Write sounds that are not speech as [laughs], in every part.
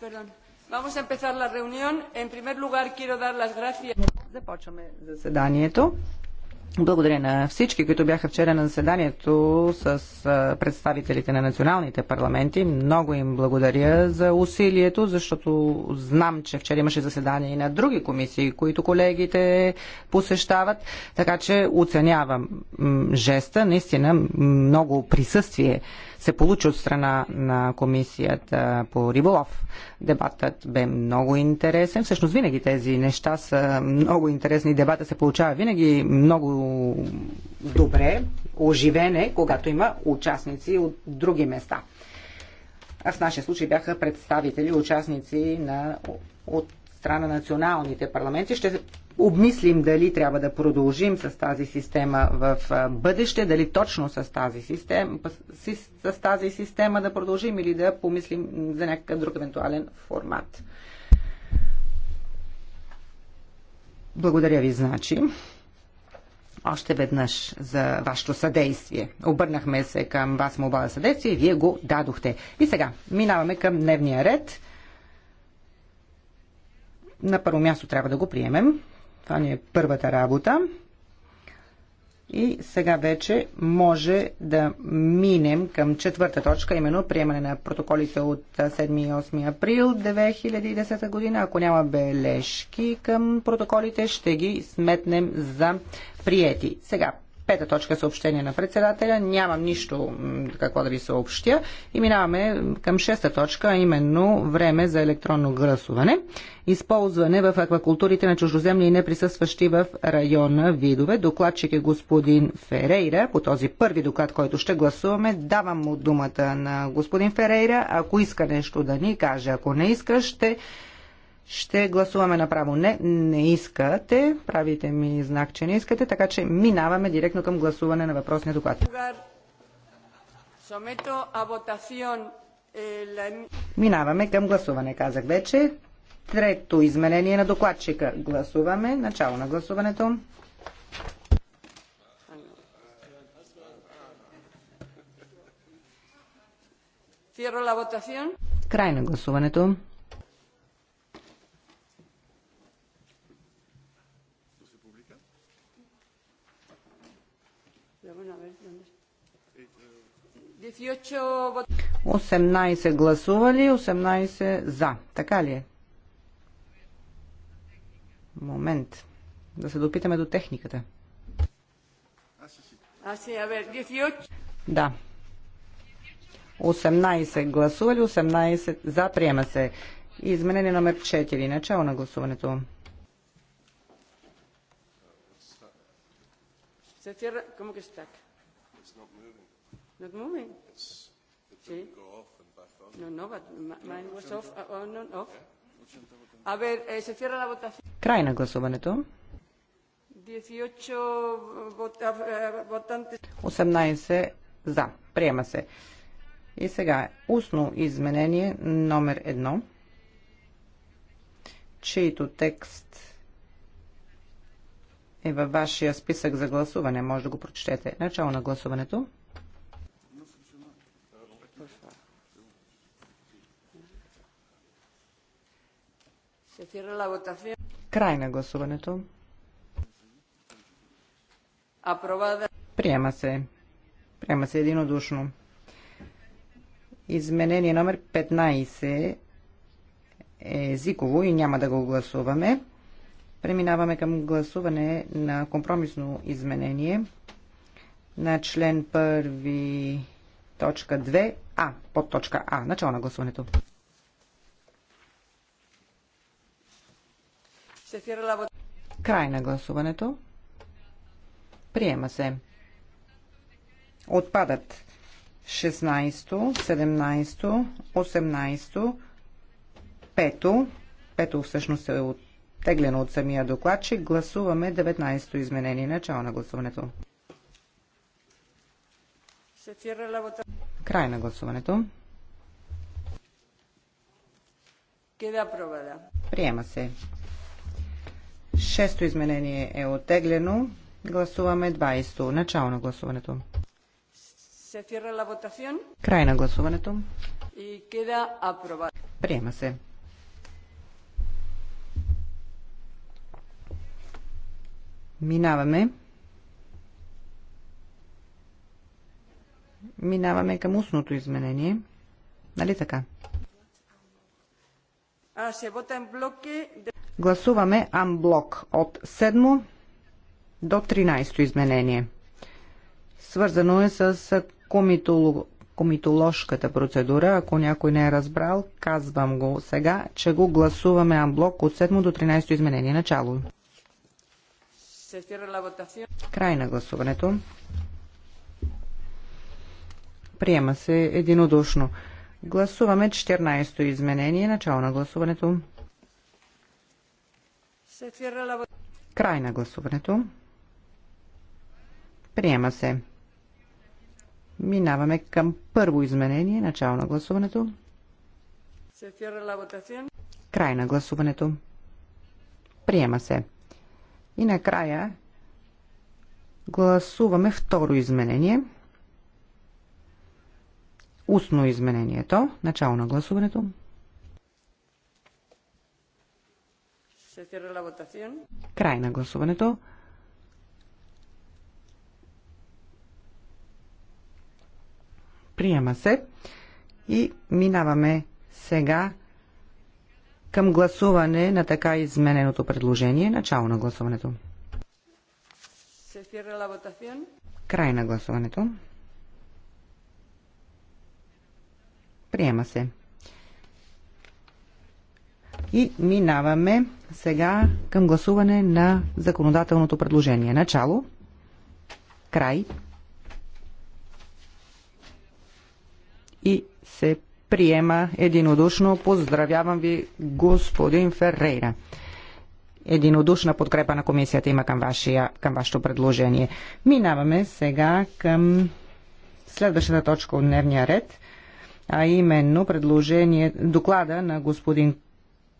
Perdón. Vamos a empezar la reunión. En primer lugar, quiero dar las gracias. Започваме заседанието. Благодаря на всички, които бяха вчера на заседанието с представителите на националните парламенти. Много им благодаря за усилието, защото знам, че вчера имаше заседания и на други комисии, които колегите посещават. Така че оценявам жеста, наистина много присъствие се получи от страна на комисията по риболов. Дебатът бе много интересен. Всъщност винаги тези неща са много интересни. Дебата се получава винаги много добре, оживене, когато има участници от други места. А в нашия случай бяха представители, участници на, от страна на националните парламенти. Ще обмислим дали трябва да продължим с тази система в бъдеще, дали точно с тази система, с, тази система да продължим или да помислим за някакъв друг евентуален формат. Благодаря ви, значи още веднъж за вашето съдействие. Обърнахме се към вас молба за съдействие и вие го дадохте. И сега минаваме към дневния ред. На първо място трябва да го приемем. Това ни е първата работа. И сега вече може да минем към четвърта точка, именно приемане на протоколите от 7 и 8 април 2010 година. Ако няма бележки към протоколите, ще ги сметнем за приети. Сега Пета точка е съобщение на председателя. Нямам нищо какво да ви съобщя. И минаваме към шеста точка, а именно време за електронно гласуване. Използване в аквакултурите на чуждоземни и неприсъстващи в района видове. Докладчик е господин Ферейра. По този първи доклад, който ще гласуваме, давам му думата на господин Ферейра. Ако иска нещо да ни каже, ако не иска, ще ще гласуваме направо. Не, не искате. Правите ми знак, че не искате, така че минаваме директно към гласуване на въпросния доклад. Eh, минаваме към гласуване, казах вече. Трето изменение на докладчика. Гласуваме. Начало на гласуването. Край на гласуването. 18 гласували, 18 за. Така ли е? Момент. Да се допитаме до техниката. Да. 18 гласували, 18 за. Приема се. Изменение номер 4. Начало на гласуването. Се цира, кому Not moving? It's, it didn't go off and back on. No, no, but mine was off, uh, on oh, and off. A ver, eh, se cierra la votación. Край на гласуването. 18 за. Приема се. И сега устно изменение номер 1, чийто текст е във вашия списък за гласуване. Може да го прочетете. Начало на гласуването. Край на гласуването. Приема се. Приема се единодушно. Изменение номер 15 е езиково и няма да го гласуваме. Преминаваме към гласуване на компромисно изменение на член 1, точка 2, а, под точка А, начало на гласуването. Край на гласуването. Приема се. Отпадат 16, 17, 18, 5. Пето всъщност е оттеглено от самия докладчик. Гласуваме 19-то изменение. Начало на гласуването. Край на гласуването. Приема се. Шесто изменение е оттеглено. Гласуваме 20. Начало на гласуването. Край на гласуването. Приема се. Минаваме. Минаваме към устното изменение. Нали така? А, се вота блоке... Гласуваме амблок от 7 до 13 изменение. Свързано е с комитолог комитоложката процедура. Ако някой не е разбрал, казвам го сега, че го гласуваме амблок от 7 до 13 изменение. Начало. Край на гласуването. Приема се единодушно. Гласуваме 14-то изменение. Начало на гласуването. Край на гласуването. Приема се. Минаваме към първо изменение, начало на гласуването. Край на гласуването. Приема се. И накрая гласуваме второ изменение. Устно изменението. Начало на гласуването. Край на гласуването. Приема се. И минаваме сега към гласуване на така измененото предложение. Начало на гласуването. Край на гласуването. Приема се. И минаваме сега към гласуване на законодателното предложение. Начало. Край. И се приема единодушно. Поздравявам ви, господин Феррейра. Единодушна подкрепа на комисията има към, вашия, към вашето предложение. Минаваме сега към следващата точка от дневния ред, а именно предложение, доклада на господин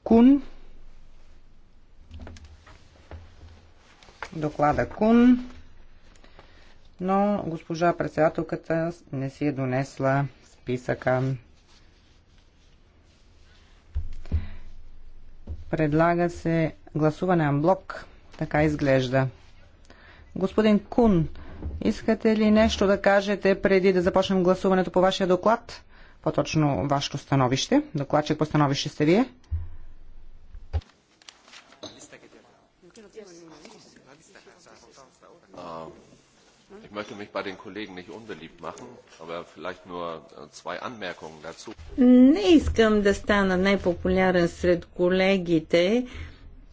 Кун. Доклада Кун. Но госпожа председателката не си е донесла списъка. Предлага се гласуване блок Така изглежда. Господин Кун, искате ли нещо да кажете преди да започнем гласуването по вашия доклад? По-точно вашето становище. Докладчик по становище сте вие. Ich möchte mich bei den Kollegen nicht unbeliebt machen, aber vielleicht nur äh, zwei Anmerkungen dazu. Не искам да стана непопулярен сред колегите.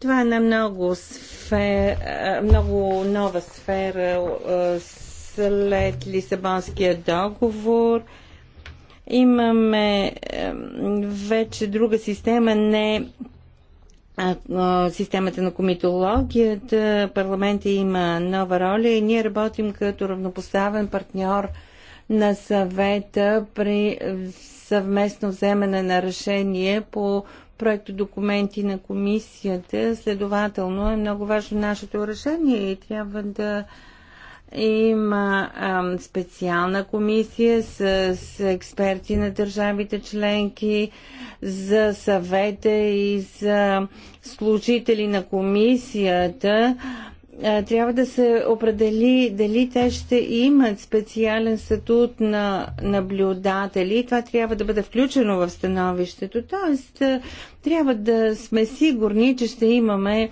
Това е на много, сфер, много нова сфера след Лисабонския договор. Имаме вече друга система, не системата на комитологията, парламента има нова роля и ние работим като равнопоставен партньор на съвета при съвместно вземане на решение по проекто документи на комисията. Следователно е много важно нашето решение и трябва да има а, специална комисия с, с експерти на държавите членки за съвета и за служители на комисията трябва да се определи дали те ще имат специален статут на наблюдатели. Това трябва да бъде включено в становището. Тоест, трябва да сме сигурни, че ще имаме е,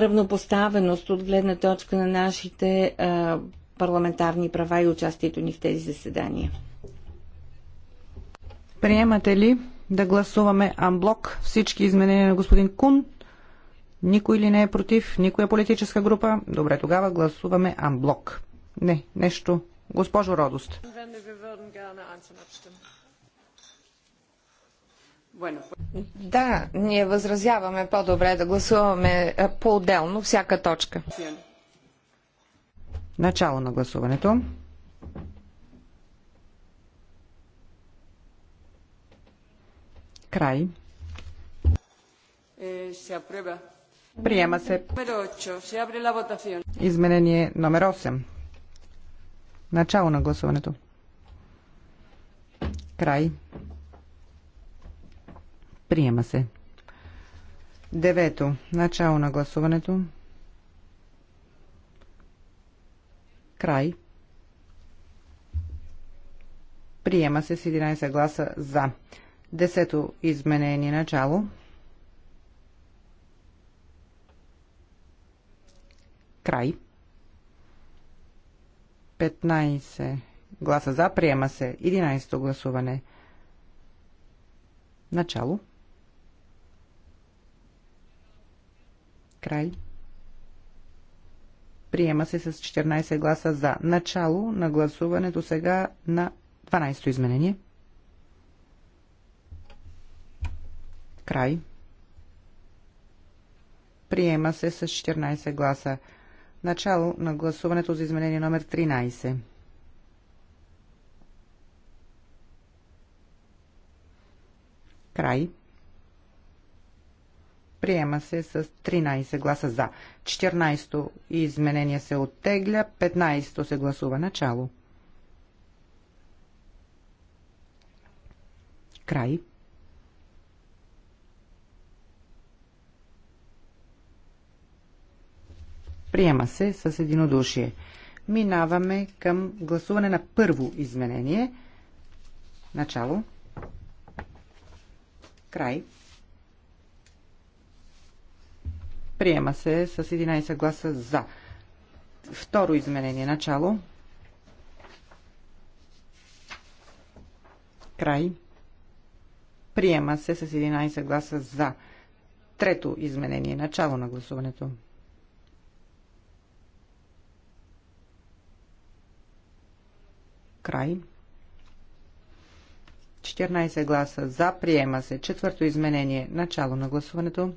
равнопоставеност от гледна точка на нашите е, парламентарни права и участието ни в тези заседания. Приемате ли да гласуваме амблок всички изменения на господин Кун? Никой ли не е против? Никоя политическа група? Добре, тогава гласуваме амблок. Не, нещо. Госпожо Родост. Да, ние възразяваме по-добре да гласуваме по-отделно всяка точка. Начало на гласуването. Край. Е, се апреба. Приема се. Изменение номер 8. Начало на гласуването. Край. Приема се. Девето. Начало на гласуването. Край. Приема се с 11 гласа за. Десето изменение начало. Край. 15 гласа за. Приема се. 11 гласуване. Начало. Край. Приема се с 14 гласа за. Начало на гласуването сега на 12-то изменение. Край. Приема се с 14 гласа Начало на гласуването за изменение номер 13. Край. Приема се с 13 гласа за. 14-то изменение се оттегля, 15-то се гласува начало. Край. Приема се с единодушие. Минаваме към гласуване на първо изменение. Начало. Край. Приема се с 11 гласа за. Второ изменение. Начало. Край. Приема се с 11 гласа за. Трето изменение. Начало на гласуването. край. 14 гласа за, приема се. Четвърто изменение, начало на гласуването.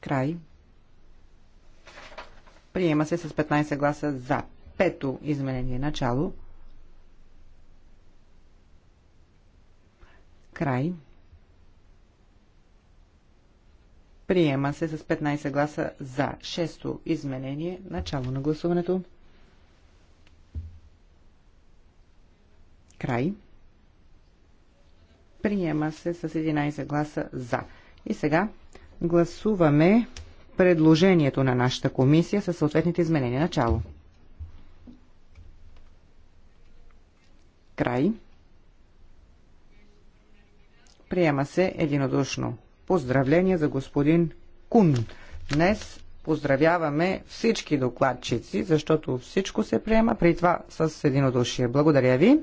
Край. Приема се с 15 гласа за. Пето изменение, начало. Край. Приема се с 15 гласа за. Шесто изменение, начало на гласуването. Край. Приема се с 11 гласа за. И сега гласуваме предложението на нашата комисия със съответните изменения. Начало. Край. Приема се единодушно. Поздравления за господин Кун. Днес поздравяваме всички докладчици, защото всичко се приема при това с единодушие. Благодаря ви.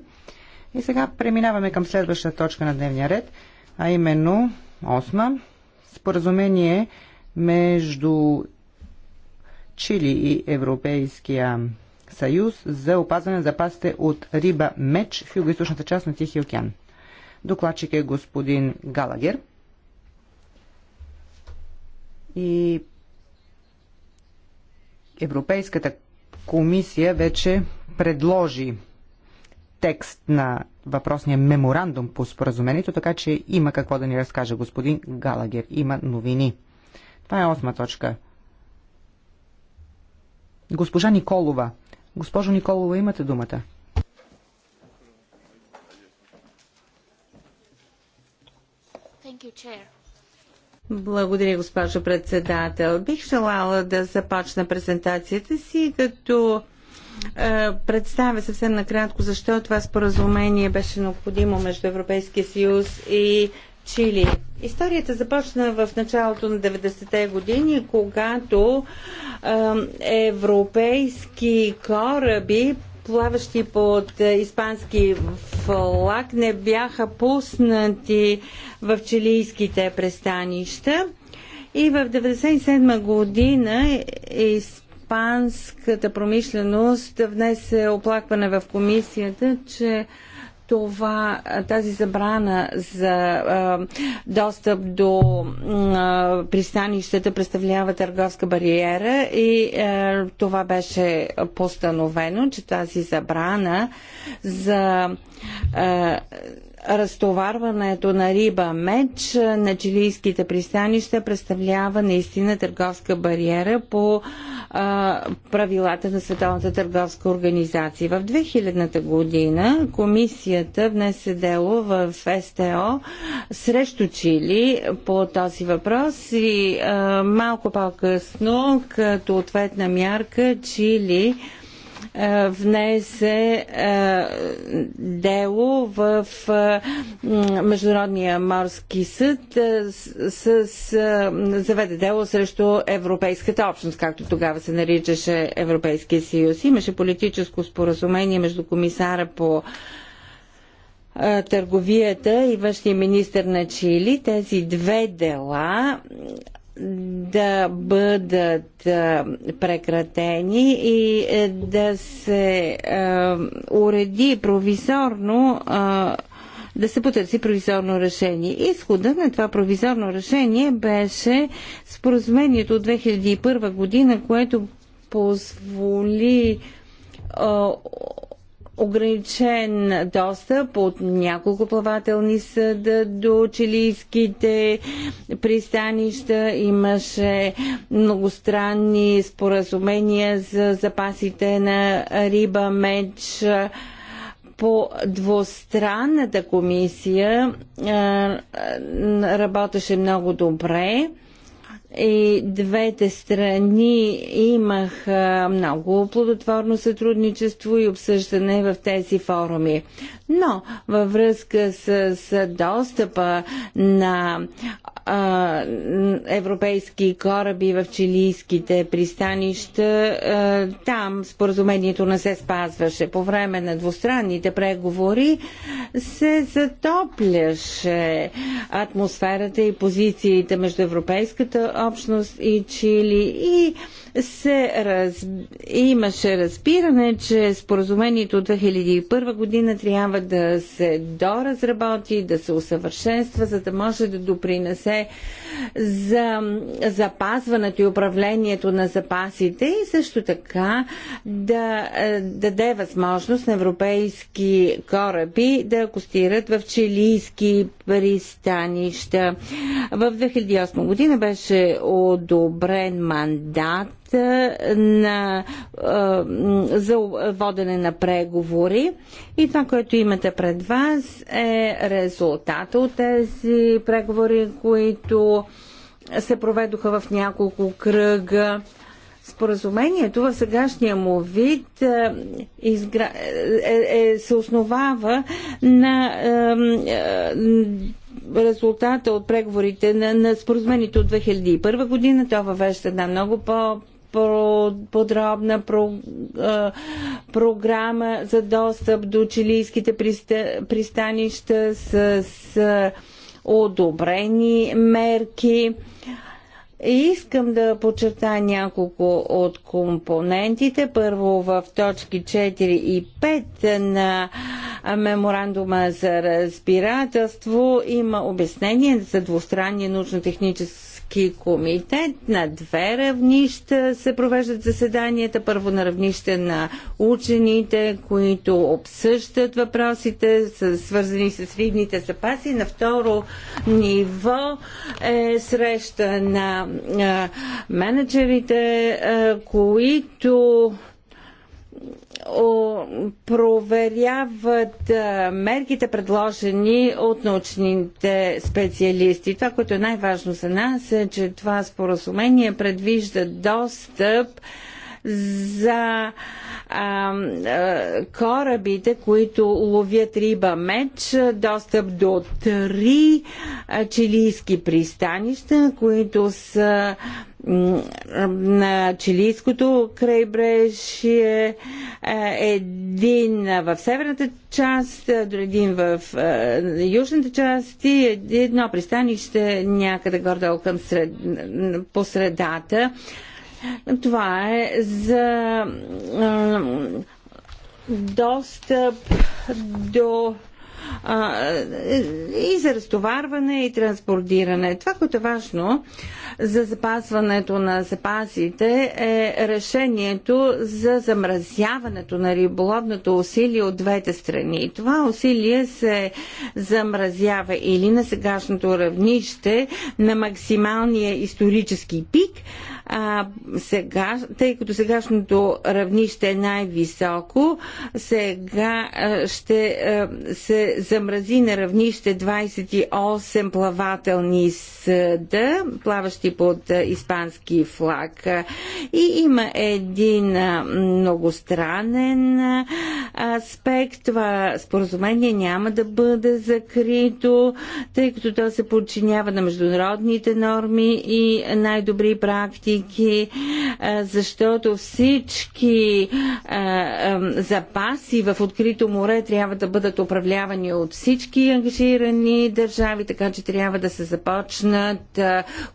И сега преминаваме към следващата точка на дневния ред, а именно 8. Споразумение между Чили и Европейския съюз за опазване на запасите от риба меч в югоисточната част на Тихия океан. Докладчик е господин Галагер. И Европейската комисия вече предложи текст на въпросния меморандум по споразумението, така че има какво да ни разкаже господин Галагер. Има новини. Това е осма точка. Госпожа Николова. Госпожо Николова, имате думата. Благодаря, госпожо председател. Бих желала да започна презентацията си, като е, представя съвсем накратко защо това споразумение беше необходимо между Европейския съюз и Чили. Историята започна в началото на 90-те години, когато е, европейски кораби, плаващи под испански флаг, не бяха пуснати в чилийските пристанища. И в 1997 година из испанската промишленост внесе оплакване в комисията, че това, тази забрана за а, достъп до а, пристанищата представлява търговска бариера и а, това беше постановено, че тази забрана за а, разтоварването на риба меч на чилийските пристанища представлява наистина търговска бариера по а, правилата на Световната търговска организация. В 2000-та година комисията внесе дело в СТО срещу Чили по този въпрос и а, малко по-късно като ответна мярка Чили е, внесе е, дело в е, Международния морски съд с заведе дело срещу Европейската общност, както тогава се наричаше Европейския съюз. Имаше политическо споразумение между комисара по търговията и външния министр на Чили. Тези две дела да бъдат прекратени и е, да се уреди провизорно да се потърси провизорно решение. Изхода на това провизорно решение беше споразумението от 2001 година, което позволи ограничен достъп от няколко плавателни съда до чилийските пристанища. Имаше многостранни споразумения за запасите на риба, меч. По двустранната комисия работеше много добре и двете страни имаха много плодотворно сътрудничество и обсъждане в тези форуми. Но във връзка с, с достъпа на европейски кораби в чилийските пристанища, там споразумението не се спазваше. По време на двустранните преговори се затопляше атмосферата и позициите между Европейската общност и Чили и се раз... имаше разбиране, че споразумението от 2001 година трябва да се доразработи, да се усъвършенства, за да може да допринесе за запазването и управлението на запасите и също така да, е, даде възможност на европейски кораби да акустират в чилийски пристанища. В 2008 година беше одобрен мандат на, за водене на преговори. И това, което имате пред вас е резултата от тези преговори, които се проведоха в няколко кръга. Споразумението в сегашния му вид е, е, се основава на е, резултата от преговорите на, на споразумението от 2001 година. Това въвежда една много по- подробна про, а, програма за достъп до чилийските приста, пристанища с, с одобрени мерки. И искам да подчертая няколко от компонентите. Първо в точки 4 и 5 на меморандума за разбирателство има обяснение за двустранния научно-технически Търговски комитет. На две равнища се провеждат заседанията. Първо на равнище на учените, които обсъждат въпросите, свързани с видните запаси. На второ ниво е среща на менеджерите, които проверяват мерките предложени от научните специалисти. Това, което е най-важно за нас е, че това споразумение предвижда достъп за а, а, корабите, които ловят риба меч, достъп до три чилийски пристанища, които са на чилийското крайбрежие, един в северната част, един в южната част и едно пристанище някъде гордо към сред, по средата това е за достъп до и за разтоварване и транспортиране. Това, което е важно за запазването на запасите е решението за замразяването на риболовното усилие от двете страни. Това усилие се замразява или на сегашното равнище на максималния исторически пик, а, сега, тъй като сегашното равнище е най-високо, сега а, ще а, се замрази на равнище 28 плавателни съда, плаващи под а, испански флаг. И има един а, многостранен аспект. Това споразумение няма да бъде закрито, тъй като то се подчинява на международните норми и най-добри практики политики, защото всички запаси в открито море трябва да бъдат управлявани от всички ангажирани държави, така че трябва да се започнат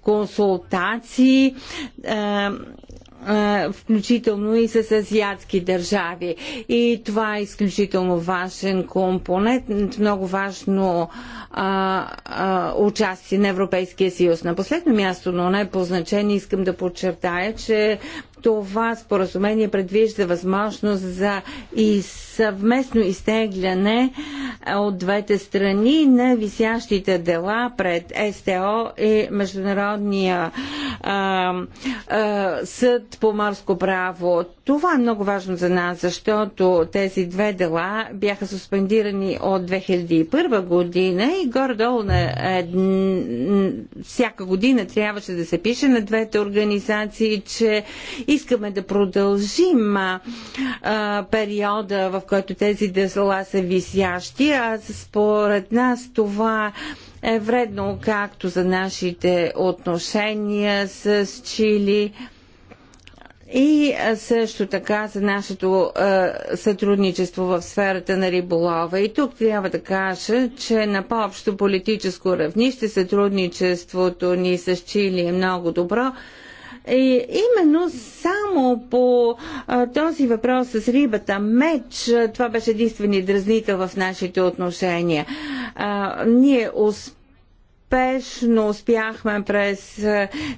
консултации включително и с азиатски държави. И това е изключително важен компонент, много важно а, а, участие на Европейския съюз. На последно място, но не по значение, искам да подчертая, че това споразумение предвижда възможност за и съвместно изтегляне от двете страни на висящите дела пред СТО и Международния а, а, съд по морско право. Това е много важно за нас, защото тези две дела бяха суспендирани от 2001 година и горе-долу на всяка година трябваше да се пише на двете организации, че искаме да продължим а, периода, в който тези дела са висящи, е, а според нас това е вредно както за нашите отношения с Чили, и също така за нашето е, сътрудничество в сферата на риболова. И тук трябва да кажа, че на по-общо политическо равнище сътрудничеството ни с Чили е много добро. И е, именно само по а, този въпрос с рибата, меч, това беше единствени дразнител в нашите отношения. А, ние успяхме успешно успяхме през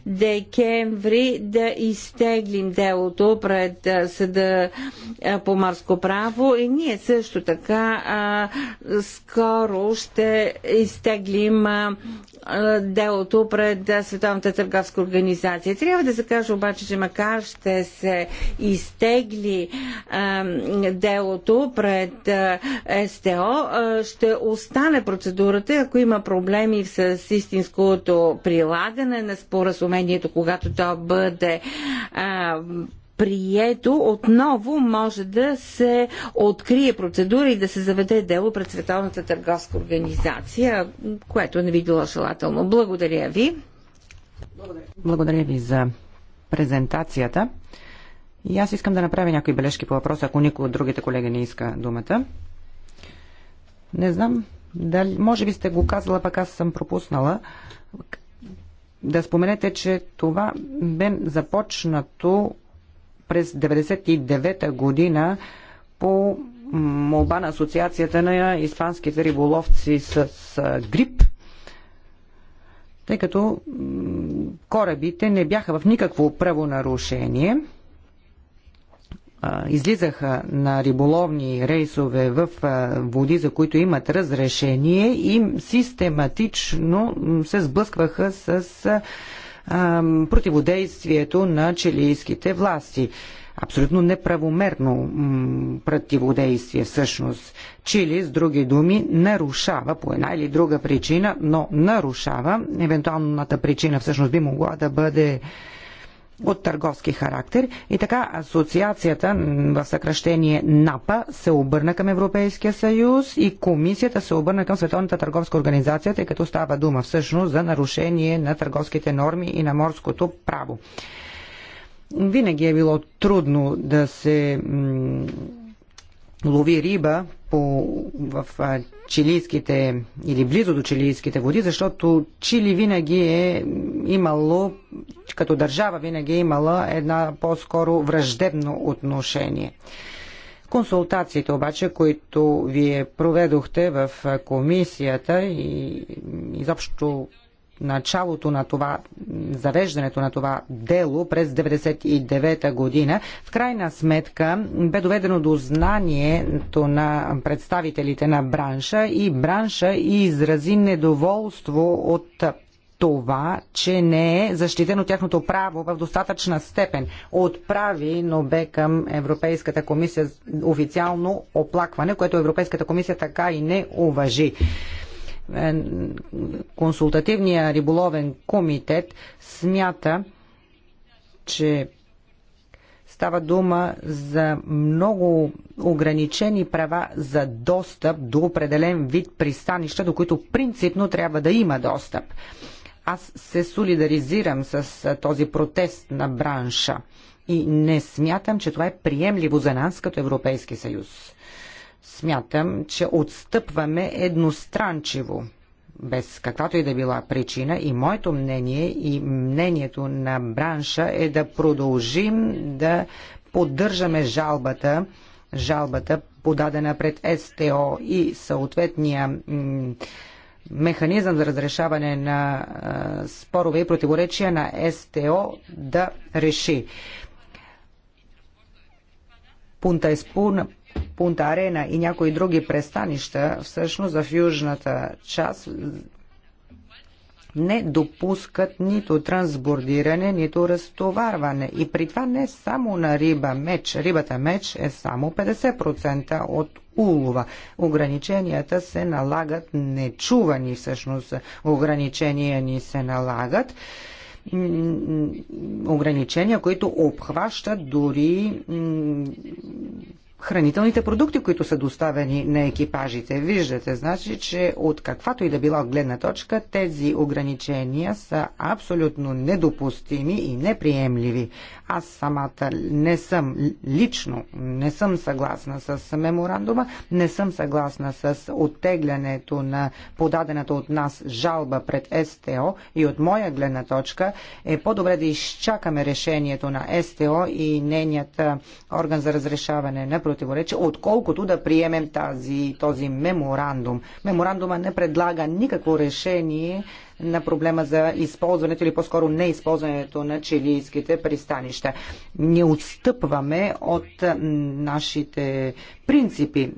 декември да изтеглим делото пред съда по морско право и ние също така а, скоро ще изтеглим а, делото пред Световната търговска организация. Трябва да се каже обаче, че макар ще се изтегли делото пред СТО, ще остане процедурата, ако има проблеми с истинското прилагане на споразумението, когато то бъде прието, отново може да се открие процедура и да се заведе дело пред Световната търговска организация, което не би било желателно. Благодаря ви. Благодаря, Благодаря ви за презентацията. И аз искам да направя някои бележки по въпроса, ако никой от другите колеги не иска думата. Не знам, дали, може би сте го казала, пък аз съм пропуснала. Да споменете, че това бе започнато през 1999 година по молба на Асоциацията на испанските риболовци с грип, тъй като корабите не бяха в никакво правонарушение излизаха на риболовни рейсове в води, за които имат разрешение и систематично се сблъскваха с противодействието на чилийските власти. Абсолютно неправомерно противодействие всъщност. Чили, с други думи, нарушава по една или друга причина, но нарушава. Евентуалната причина всъщност би могла да бъде от търговски характер и така асоциацията в съкръщение НАПА се обърна към Европейския съюз и комисията се обърна към Световната търговска организация, тъй като става дума всъщност за нарушение на търговските норми и на морското право. Винаги е било трудно да се лови риба по, в чилийските или близо до чилийските води, защото Чили винаги е имало, като държава винаги е имала една по-скоро враждебно отношение. Консултациите обаче, които вие проведохте в комисията и изобщо началото на това, завеждането на това дело през 1999 година, в крайна сметка бе доведено до знанието на представителите на бранша и бранша изрази недоволство от това, че не е защитено тяхното право в достатъчна степен. Отправи, но бе към Европейската комисия официално оплакване, което Европейската комисия така и не уважи. Е, консултативния риболовен комитет смята, че Става дума за много ограничени права за достъп до определен вид пристанища, до които принципно трябва да има достъп. Аз се солидаризирам с този протест на бранша и не смятам, че това е приемливо за нас като Европейски съюз. Смятам, че отстъпваме едностранчиво, без каквато и да била причина. И моето мнение и мнението на бранша е да продължим да поддържаме жалбата, жалбата подадена пред СТО и съответния механизъм за разрешаване на а, спорове и противоречия на СТО да реши. Пунта Еспун Пунта Арена и някои други престанища, всъщност в южната част не допускат нито трансбордиране, нито разтоварване. И при това не само на риба меч. Рибата меч е само 50% от улова. Ограниченията се налагат нечувани всъщност. Ограничения ни се налагат ограничения, които обхващат дори хранителните продукти, които са доставени на екипажите. Виждате, значи, че от каквато и да била гледна точка, тези ограничения са абсолютно недопустими и неприемливи. Аз самата не съм лично, не съм съгласна с меморандума, не съм съгласна с оттеглянето на подадената от нас жалба пред СТО и от моя гледна точка е по-добре да изчакаме решението на СТО и нейният орган за разрешаване на продукти противоречие, отколкото да приемем тази, този меморандум. Меморандума не предлага никакво решение на проблема за използването или по-скоро неизползването на чилийските пристанища. Не отстъпваме от нашите принципи.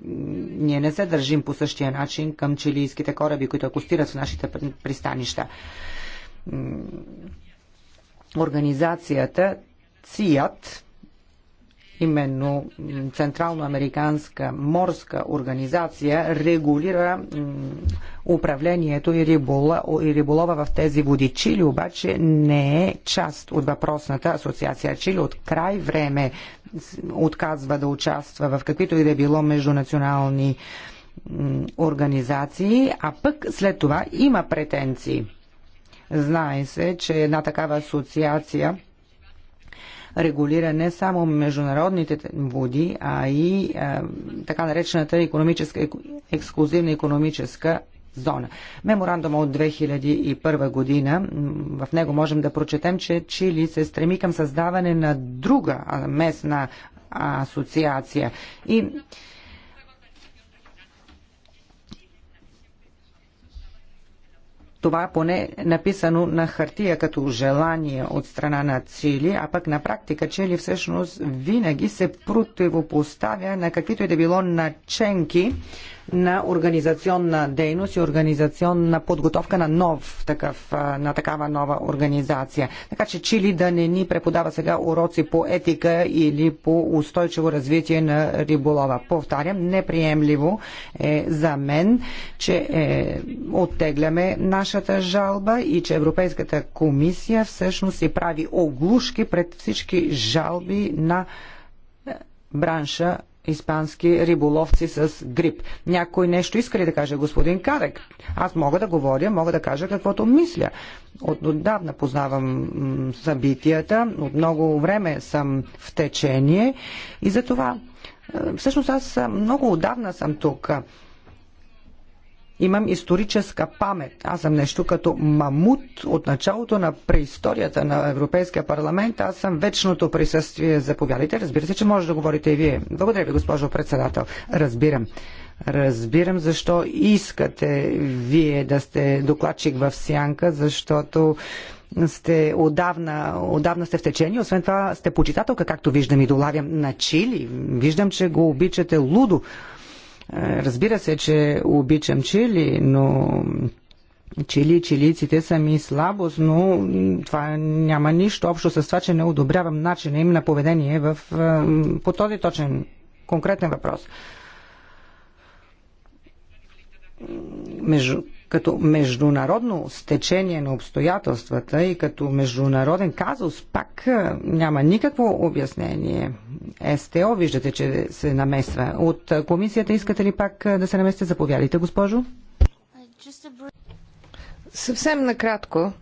Ние не се държим по същия начин към чилийските кораби, които акустират в нашите пристанища. Организацията ЦИАТ именно Централноамериканска морска организация регулира управлението и, рибола, и риболова в тези води. Чили обаче не е част от въпросната асоциация. Чили от край време отказва да участва в каквито и да е било междунационални организации, а пък след това има претенции. Знае се, че една такава асоциация регулира не само международните води, а и а, е, така наречената економическа, ексклюзивна економическа зона. Меморандума от 2001 година, в него можем да прочетем, че Чили се стреми към създаване на друга местна асоциация. И Това поне написано на хартия като желание от страна на цили, а пък на практика Чили всъщност винаги се противопоставя на каквито и да било наченки на организационна дейност и организационна подготовка на нов такъв, на такава нова организация. Така че Чили да не ни преподава сега уроци по етика или по устойчиво развитие на риболова. Повтарям, неприемливо е за мен, че е, оттегляме нашата жалба и че Европейската комисия всъщност си прави оглушки пред всички жалби на е, бранша испански риболовци с грип. Някой нещо иска ли да каже господин Карек? Аз мога да говоря, мога да кажа каквото мисля. От отдавна познавам събитията, от много време съм в течение и за това е, Всъщност аз е, много отдавна съм тук имам историческа памет. Аз съм нещо като мамут от началото на преисторията на Европейския парламент. Аз съм вечното присъствие. Заповядайте. Разбира се, че може да говорите и вие. Благодаря ви, госпожо председател. Разбирам. Разбирам защо искате вие да сте докладчик в сянка, защото сте отдавна, отдавна сте в течение. Освен това сте почитателка, както виждам и долавям на Чили. Виждам, че го обичате лудо. Е, разбира се, че обичам Чили, но чили, чилийците са ми слабост, но това няма нищо общо с това, че не одобрявам начина им на поведение в, е, по този точен конкретен въпрос. Между като международно стечение на обстоятелствата и като международен казус пак е, няма никакво обяснение. СТО виждате, че се намесва. От комисията искате ли пак е, да се наместе? Заповядайте, госпожо. Съвсем накратко.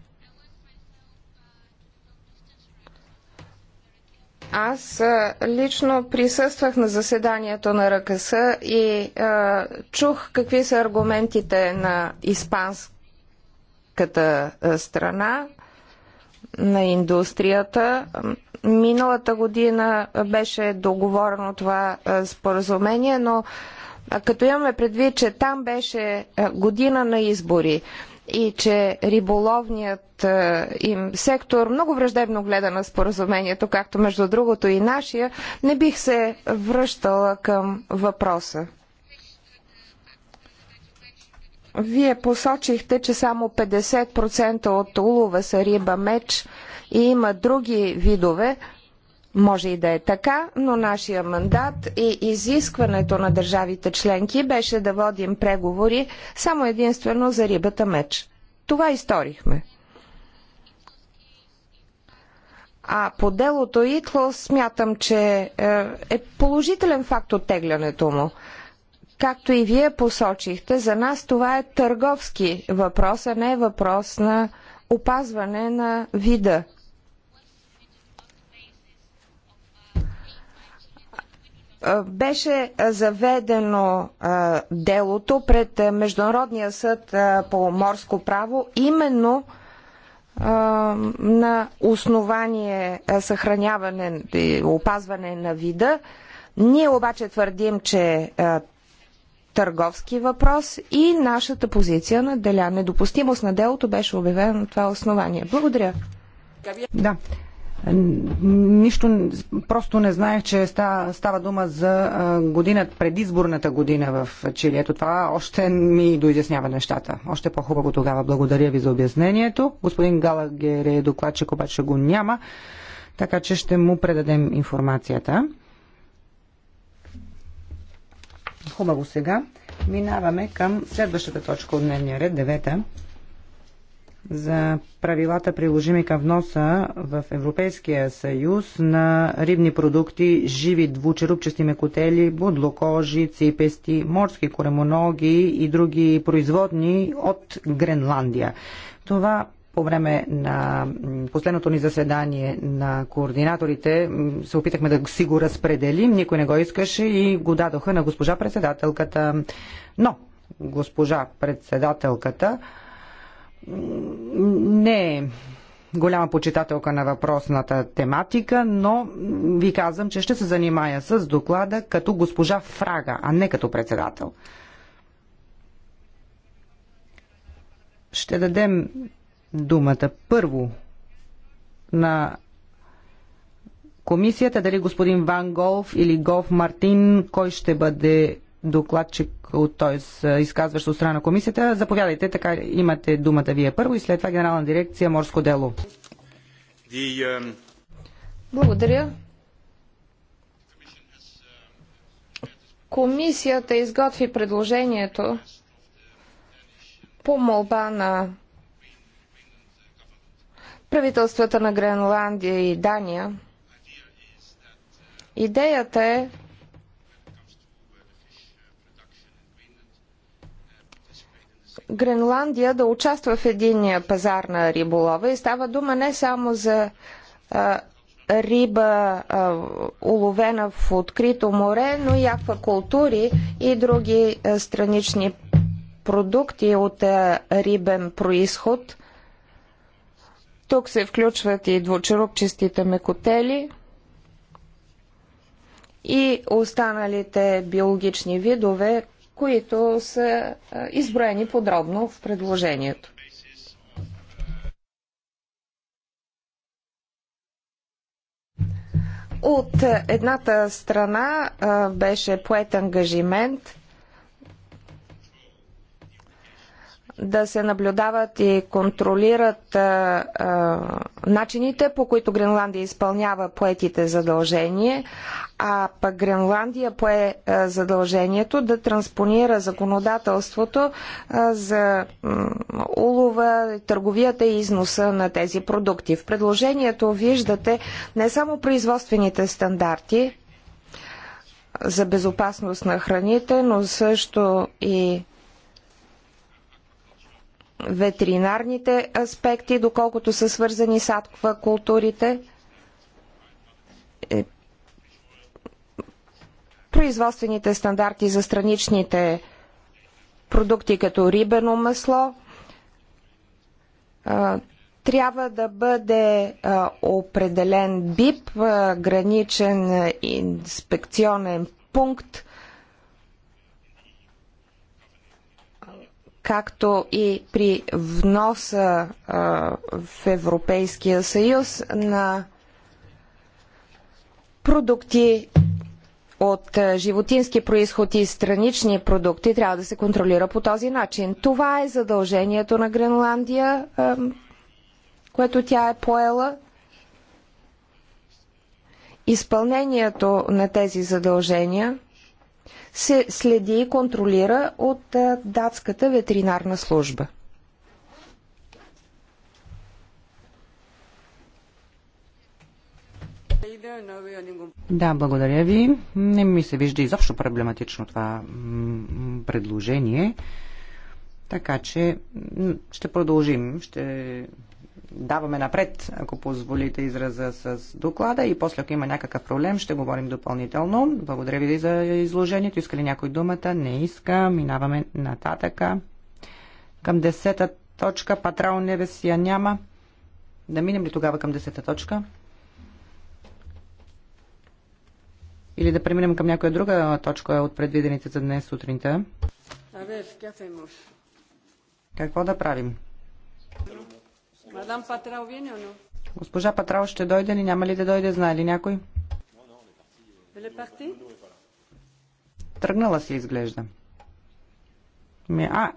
Аз лично присъствах на заседанието на РКС и чух какви са аргументите на испанската страна, на индустрията. Миналата година беше договорено това споразумение, но като имаме предвид, че там беше година на избори, и че риболовният е, им сектор много враждебно гледа на споразумението, както между другото и нашия, не бих се връщала към въпроса. Вие посочихте, че само 50% от улова са риба меч и има други видове, може и да е така, но нашия мандат и изискването на държавите членки беше да водим преговори само единствено за рибата меч. Това изторихме. А по делото Итло смятам, че е, е положителен факт оттеглянето му. Както и вие посочихте, за нас това е търговски въпрос, а не е въпрос на опазване на вида беше заведено делото пред Международния съд по морско право именно на основание съхраняване и опазване на вида. Ние обаче твърдим, че търговски въпрос и нашата позиция на деля недопустимост на делото беше обявена на това основание. Благодаря. Да. Нищо, просто не знаех, че става, става дума за година, предизборната година в Чили. Ето това още ми доизяснява нещата. Още по-хубаво тогава. Благодаря ви за обяснението. Господин Галагер е докладчик, обаче го няма, така че ще му предадем информацията. Хубаво сега. Минаваме към следващата точка от дневния ред, девета за правилата приложими към вноса в Европейския съюз на рибни продукти, живи двучерупчести мекотели, будлокожи, ципести, морски коремоноги и други производни от Гренландия. Това по време на последното ни заседание на координаторите се опитахме да си го разпределим. Никой не го искаше и го дадоха на госпожа председателката. Но госпожа председателката не е голяма почитателка на въпросната тематика, но ви казвам, че ще се занимая с доклада като госпожа Фрага, а не като председател. Ще дадем думата първо на комисията, дали господин Ван Голф или Голф Мартин, кой ще бъде докладчик от т.е. изказващ от страна на комисията. Заповядайте, така имате думата вие първо и след това Генерална дирекция Морско дело. Благодаря. Комисията изготви предложението по молба на правителствата на Гренландия и Дания. Идеята е Гренландия да участва в единния пазар на риболова и става дума не само за а, риба, а, уловена в открито море, но и аквакултури и други а, странични продукти от а, рибен происход. Тук се включват и двучерупчестите мекотели и останалите биологични видове, които са изброени подробно в предложението. От едната страна беше поет ангажимент да се наблюдават и контролират а, а, начините по които Гренландия изпълнява поетите задължения, а пък Гренландия пое а, задължението да транспонира законодателството а, за м, улова, търговията и износа на тези продукти. В предложението виждате не само производствените стандарти за безопасност на храните, но също и ветеринарните аспекти, доколкото са свързани с аквакултурите, е, производствените стандарти за страничните продукти като рибено масло трябва да бъде определен БИП, граничен инспекционен пункт, както и при вноса в Европейския съюз на продукти от животински происход и странични продукти трябва да се контролира по този начин. Това е задължението на Гренландия, което тя е поела. Изпълнението на тези задължения – се следи и контролира от датската ветеринарна служба. Да, благодаря ви. Не ми се вижда изобщо проблематично това предложение. Така че ще продължим. Ще даваме напред, ако позволите израза с доклада и после ако има някакъв проблем, ще говорим допълнително. Благодаря ви за изложението. Иска ли някой думата? Не иска. Минаваме нататъка. Към десета точка. Патрал Невес я няма. Да минем ли тогава към десета точка? Или да преминем към някоя друга точка от предвидените за днес сутринта? Какво да правим? Мадам Патрао, вие Госпожа Патрал ще дойде ли? Няма ли да дойде? Знае ли някой? Е Тръгнала си изглежда. Ми, а,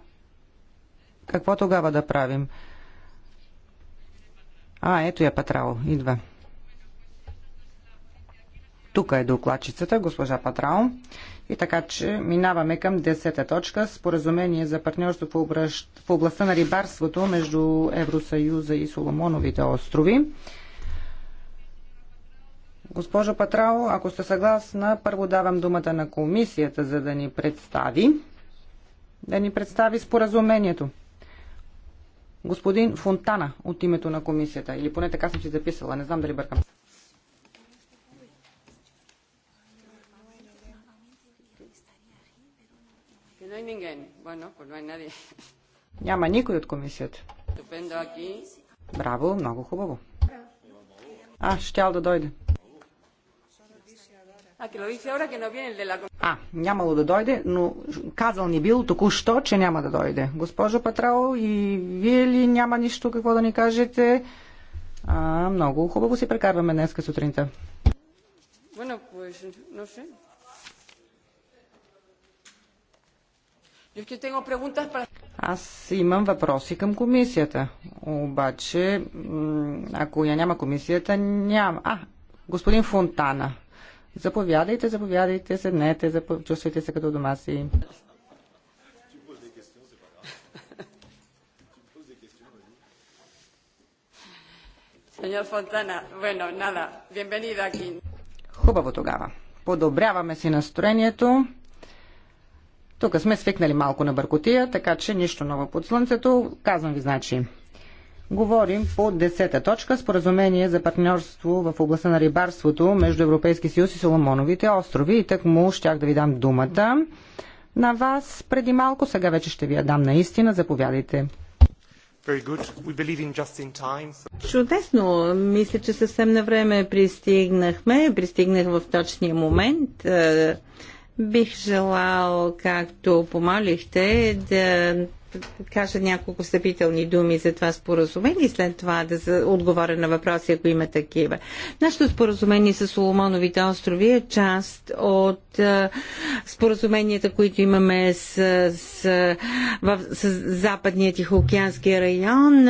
какво тогава да правим? А, ето я Патрао, идва. Тук е докладчицата, госпожа Патрао. И така, че минаваме към 10-та точка. Споразумение за партньорство в, обръщ... в областта на рибарството между Евросъюза и Соломоновите острови. Госпожо Патрао, ако сте съгласна, първо давам думата на комисията, за да ни представи да ни представи споразумението. Господин Фонтана от името на комисията, или поне така съм си записала, не знам дали бъркам. Няма никой от комисията. Браво, много хубаво. А, щял да дойде. А, нямало да дойде, но казал ни бил току-що, че няма да дойде. Госпожо Патрао, и вие ли няма нищо какво да ни кажете? А, много хубаво си прекарваме днес сутринта. Bueno, pues, no sé. Аз имам въпроси към комисията. Обаче, ако я няма комисията, няма. А, господин Фонтана. Заповядайте, заповядайте, седнете, чувствайте се като дома си. Хубаво тогава. Подобряваме си настроението. Тук сме свикнали малко на бъркотия, така че нищо ново под слънцето. Казвам ви, значи, Говорим по 10-та точка споразумение за партньорство в областта на рибарството между Европейски съюз и Соломоновите острови. И так му щях да ви дам думата на вас преди малко. Сега вече ще ви я дам наистина. Заповядайте. In in Чудесно. Мисля, че съвсем на време пристигнахме. Пристигнах в точния момент. Е, Бих желал, както помолихте, да кажа няколко стъпителни думи за това споразумение и след това да за... отговоря на въпроси, ако има такива. Нашето споразумение с Соломоновите острови е част от споразуменията, които имаме с, с, в, с Западния Тихоокеански район,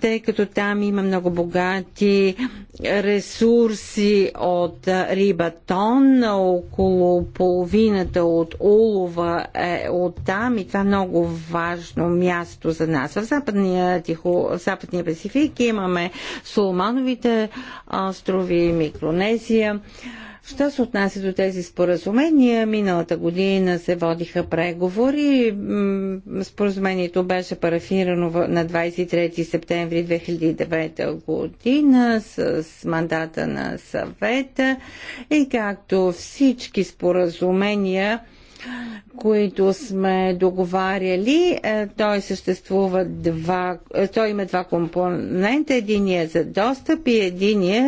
тъй като там има много богати ресурси от риба тон, около половината от улова е от там и това е много важно важно място за нас. В Западния, Тихо, в Западния Пасифик имаме Соломановите острови, Микронезия. Що се отнася до тези споразумения, миналата година се водиха преговори. Споразумението беше парафирано на 23 септември 2009 година с мандата на съвета и както всички споразумения които сме договаряли. Е, той съществува два, е, той има два компонента. Единия е за достъп и единия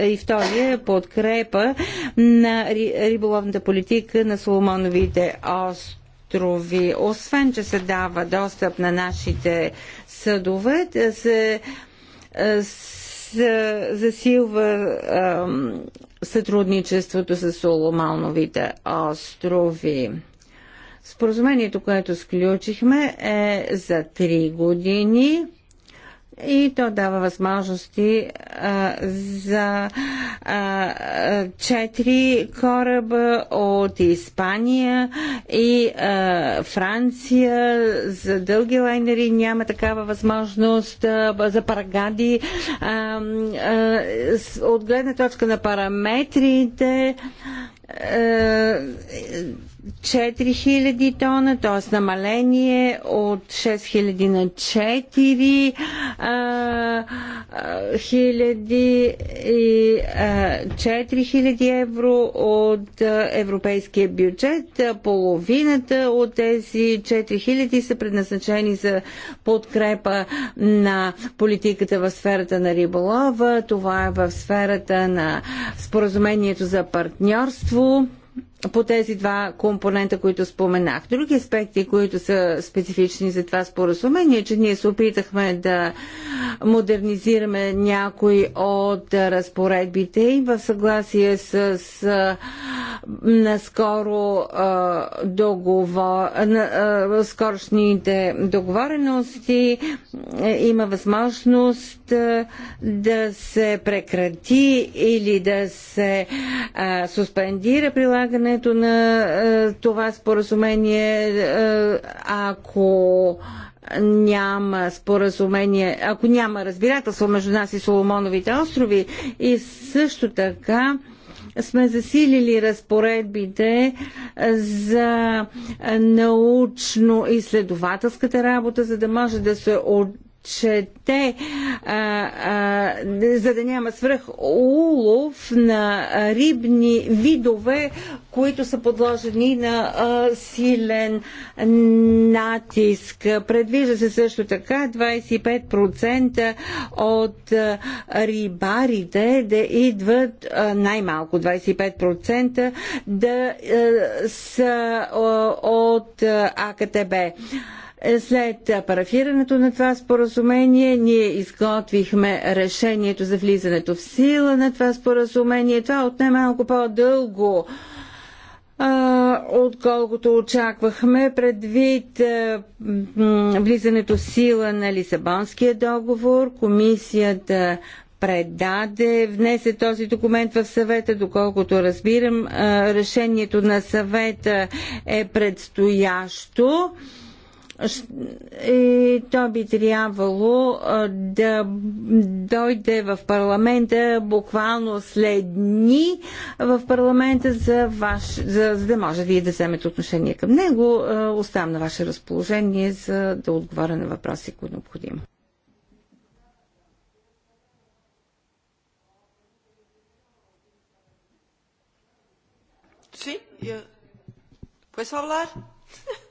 е, и втория е подкрепа на риболовната политика на Соломоновите острови Освен, че се дава достъп на нашите съдове, се, се засилва сътрудничеството с Соломалновите острови. Споразумението, което сключихме е за три години и то дава възможности а, за четири кораба от Испания и а, Франция за дълги лайнери няма такава възможност а, за парагади. А, а, от гледна точка на параметрите а, 4000 тона, т.е. намаление от 6000 на 4 а, хиляди и а, 4000 евро от европейския бюджет. Половината от тези 4000 са предназначени за подкрепа на политиката в сферата на риболова. Това е в сферата на споразумението за партньорство по тези два компонента, които споменах. Други аспекти, които са специфични за това споразумение, е, че ние се опитахме да модернизираме някои от разпоредбите и в съгласие с Наскоро договор, на, скорошните договорености е, има възможност да се прекрати или да се а, суспендира прилагането на а, това споразумение, а, ако няма споразумение, ако няма разбирателство между нас и Соломоновите острови и също така сме засилили разпоредбите за научно-изследователската работа, за да може да се чете, а, а, за да няма свръх улов на рибни видове, които са подложени на а, силен натиск. Предвижда се също така 25% от а, рибарите да идват, най-малко 25% да а, са а, от а, АКТБ. Е, след парафирането на това споразумение, ние изготвихме решението за влизането в сила на това споразумение. Това отне малко по-дълго отколкото очаквахме предвид е, влизането в сила на Лисабонския договор. Комисията предаде, внесе този документ в съвета, доколкото разбирам, е, решението на съвета е предстоящо. И то би трябвало да дойде в парламента буквално след дни в парламента, за, ваш, за, за да може вие да вземете отношение към него. Оставам на ваше разположение, за да отговоря на въпроси, които е необходимо. Sí, yo... ¿Puedes hablar? [laughs]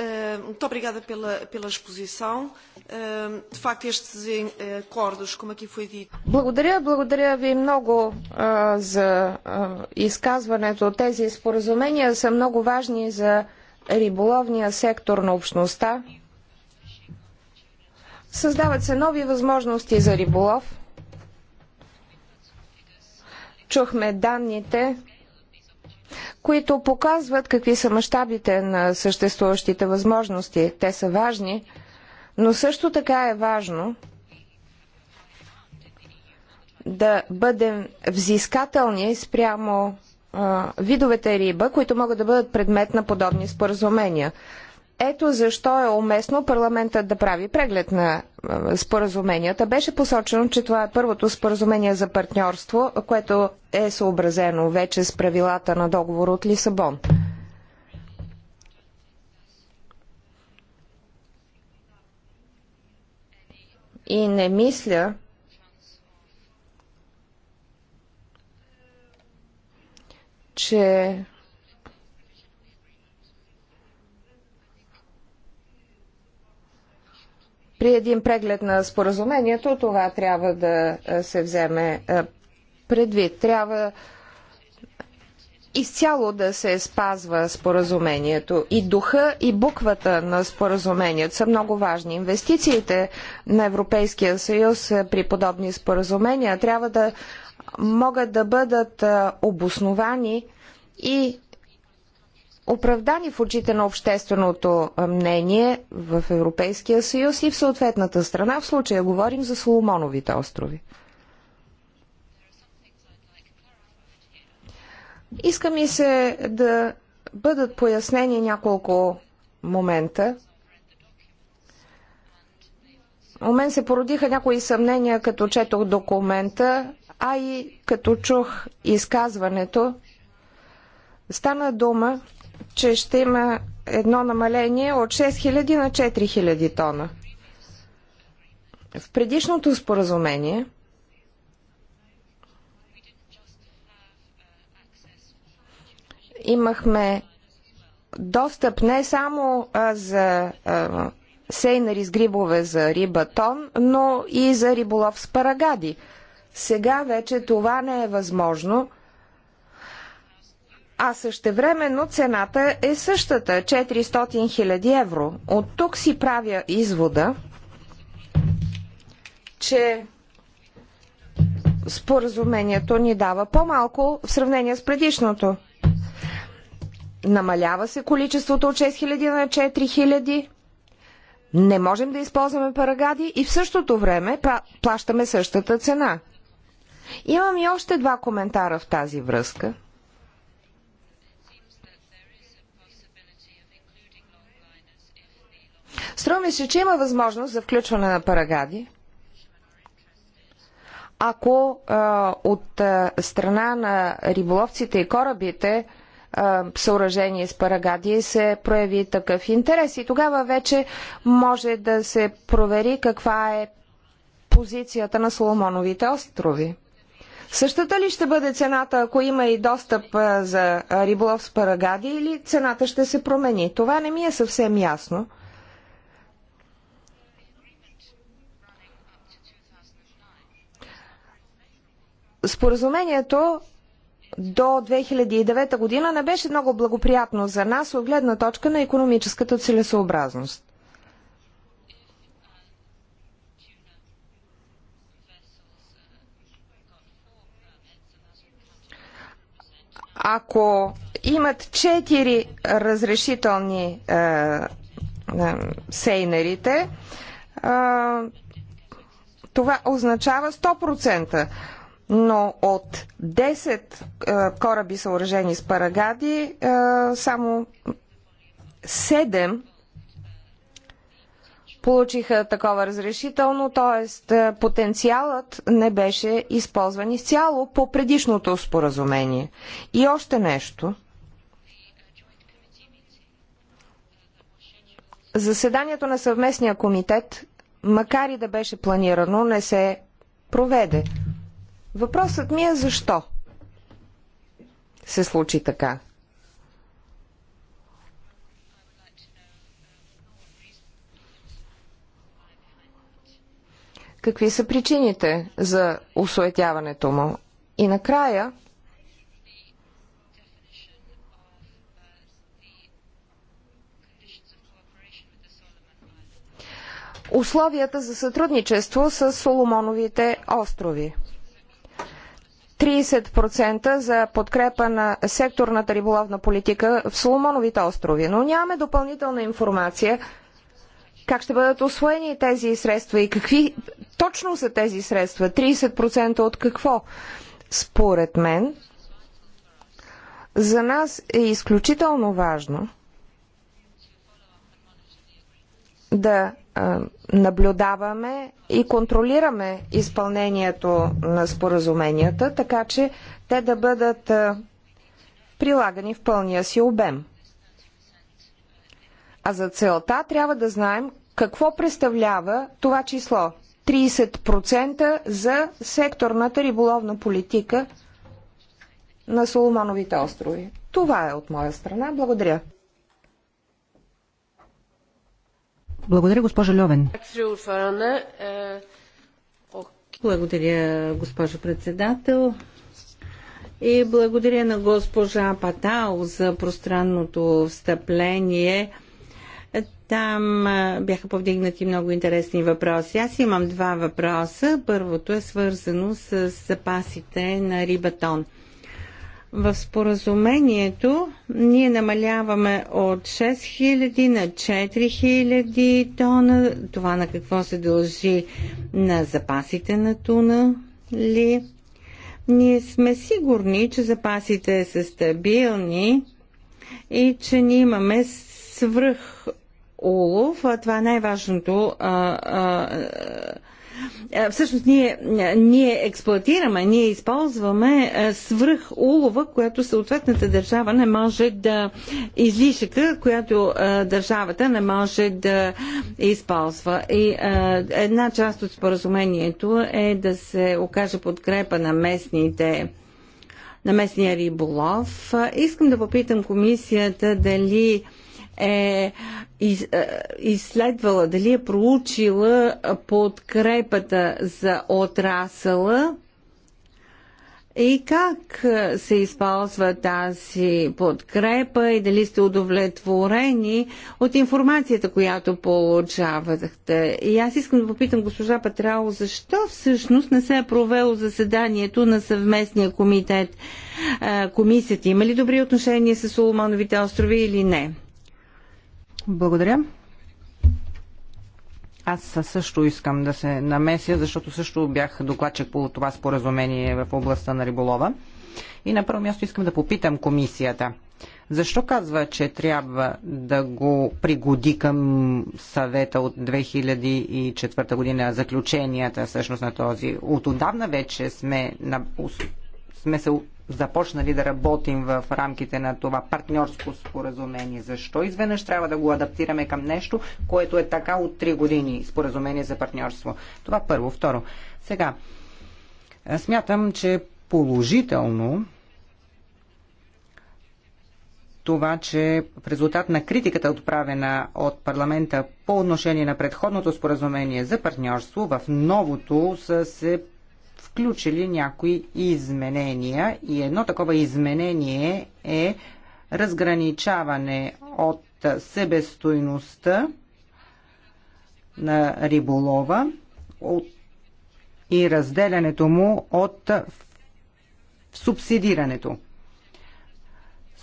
Ehm, muito obrigada pela, pela exposição. Ehm, de facto, estes eh, acordos, como aqui foi dito. Благодаря, благодаря ви много за изказването. Тези споразумения са много важни за риболовния сектор на общността. Създават се нови възможности за риболов. Чухме данните които показват какви са мащабите на съществуващите възможности. Те са важни, но също така е важно да бъдем взискателни спрямо а, видовете риба, които могат да бъдат предмет на подобни споразумения. Ето защо е уместно парламентът да прави преглед на споразуменията. Беше посочено, че това е първото споразумение за партньорство, което е съобразено вече с правилата на договор от Лисабон. И не мисля, че При един преглед на споразумението това трябва да е, се вземе е, предвид. Трябва изцяло да се спазва споразумението. И духа, и буквата на споразумението са много важни. Инвестициите на Европейския съюз е, при подобни споразумения трябва да могат да бъдат обосновани и оправдани в очите на общественото мнение в Европейския съюз и в съответната страна. В случая говорим за Соломоновите острови. Иска ми се да бъдат пояснени няколко момента. У мен се породиха някои съмнения, като четох документа, а и като чух изказването. Стана дума че ще има едно намаление от 6000 на 4000 тона. В предишното споразумение имахме достъп не само за сейнари с грибове за риба тон, но и за риболов с парагади. Сега вече това не е възможно – а същевременно цената е същата 400 000 евро. От тук си правя извода, че споразумението ни дава по-малко в сравнение с предишното. Намалява се количеството от 6000 на 4000. Не можем да използваме парагади и в същото време плащаме същата цена. Имам и още два коментара в тази връзка – Струва ми се, че има възможност за включване на парагади. Ако а, от а, страна на риболовците и корабите съоръжение с парагади се прояви такъв интерес. И тогава вече може да се провери каква е позицията на Соломоновите острови. Същата ли ще бъде цената, ако има и достъп за риболов с парагади или цената ще се промени? Това не ми е съвсем ясно. Споразумението до 2009 година не беше много благоприятно за нас от гледна точка на економическата целесообразност. Ако имат 4 разрешителни е, е, сейнерите, е, това означава 100% но от 10 е, кораби съоръжени с парагади, е, само 7 получиха такова разрешително, т.е. потенциалът не беше използван изцяло по предишното споразумение. И още нещо. Заседанието на съвместния комитет, макар и да беше планирано, не се проведе. Въпросът ми е защо се случи така. Какви са причините за осуетяването му? И накрая, условията за сътрудничество с Соломоновите острови. 30% за подкрепа на секторната риболовна политика в Соломоновите острови. Но нямаме допълнителна информация как ще бъдат освоени тези средства и какви точно са тези средства. 30% от какво? Според мен, за нас е изключително важно да наблюдаваме и контролираме изпълнението на споразуменията, така че те да бъдат прилагани в пълния си обем. А за целта трябва да знаем какво представлява това число 30% за секторната риболовна политика на Соломоновите острови. Това е от моя страна. Благодаря. Благодаря, госпожа Льовен. Благодаря, госпожо председател. И благодаря на госпожа Патао за пространното встъпление. Там бяха повдигнати много интересни въпроси. Аз имам два въпроса. Първото е свързано с запасите на рибатон. В споразумението ние намаляваме от 6000 на 4000 тона. Това на какво се дължи? На запасите на туна ли? Ние сме сигурни, че запасите са стабилни и че ние имаме свръх улов. А това е най-важното е, всъщност ние, е, ние експлуатираме, ние използваме е, свръх улова, която съответната държава не може да излишъка, която държавата не може да използва. И една част от споразумението е да се окаже подкрепа на местните на местния риболов. Искам да попитам комисията дали е, е изследвала, дали е проучила подкрепата за отрасъла и как е, се използва тази подкрепа и дали сте удовлетворени от информацията, която получавахте. И аз искам да попитам госпожа Патрало, защо всъщност не се е провело заседанието на съвместния комитет, е, комисията. Има ли добри отношения с Соломоновите острови или не? Благодаря. Аз също искам да се намеся, защото също бях докладчик по това споразумение в областта на риболова. И на първо място искам да попитам комисията. Защо казва, че трябва да го пригоди към съвета от 2004 година, заключенията всъщност на този? От отдавна вече сме, на, сме се започнали да работим в рамките на това партньорско споразумение. Защо изведнъж трябва да го адаптираме към нещо, което е така от 3 години споразумение за партньорство? Това първо. Второ. Сега, смятам, че положително това, че в резултат на критиката отправена от парламента по отношение на предходното споразумение за партньорство, в новото са се включили някои изменения и едно такова изменение е разграничаване от себестойността на риболова и разделянето му от субсидирането.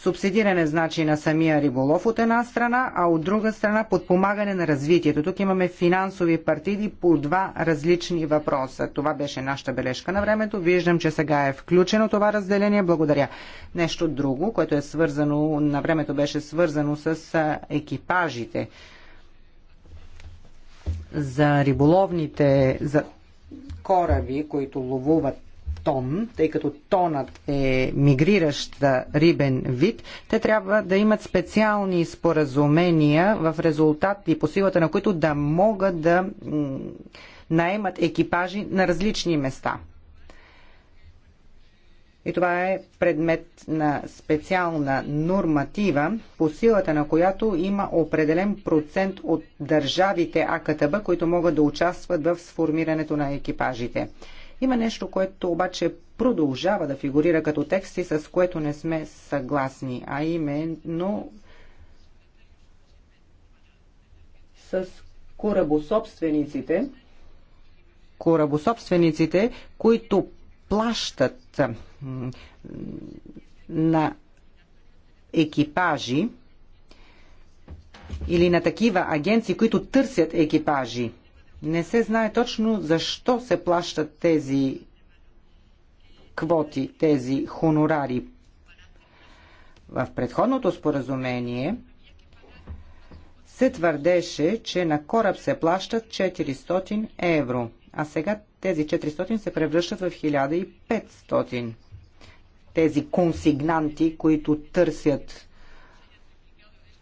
Субсидиране значи на самия риболов от една страна, а от друга страна подпомагане на развитието. Тук имаме финансови партиди по два различни въпроса. Това беше нашата бележка на времето. Виждам, че сега е включено това разделение. Благодаря. Нещо друго, което е свързано, на времето беше свързано с екипажите за риболовните за кораби, които ловуват тон, тъй като тонът е мигриращ рибен вид, те трябва да имат специални споразумения в резултат и по силата на които да могат да наемат екипажи на различни места. И това е предмет на специална норматива, по силата на която има определен процент от държавите АКТБ, които могат да участват в сформирането на екипажите. Има нещо, което обаче продължава да фигурира като текст и с което не сме съгласни, а именно с корабособствениците, корабособствениците, които плащат на екипажи или на такива агенции, които търсят екипажи. Не се знае точно защо се плащат тези квоти, тези хонорари. В предходното споразумение се твърдеше, че на кораб се плащат 400 евро, а сега тези 400 се превръщат в 1500. Тези консигнанти, които търсят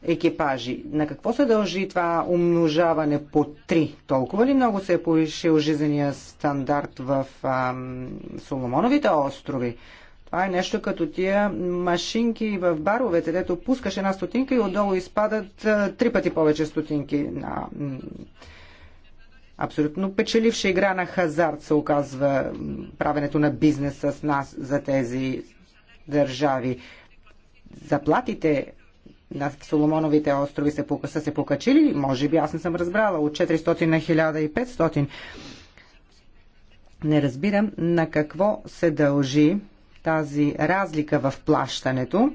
екипажи. На какво се дължи това умножаване по 3? Толкова ли много се е повишил жизнения стандарт в а, Соломоновите острови? Това е нещо като тия машинки в баровете, дето пускаш една стотинка и отдолу изпадат а, три пъти повече стотинки. А, абсолютно печеливша игра на хазарт се оказва правенето на бизнес с нас за тези държави. Заплатите на Соломоновите острови се пука, са се покачили, може би аз не съм разбрала, от 400 на 1500. Не разбирам на какво се дължи тази разлика в плащането.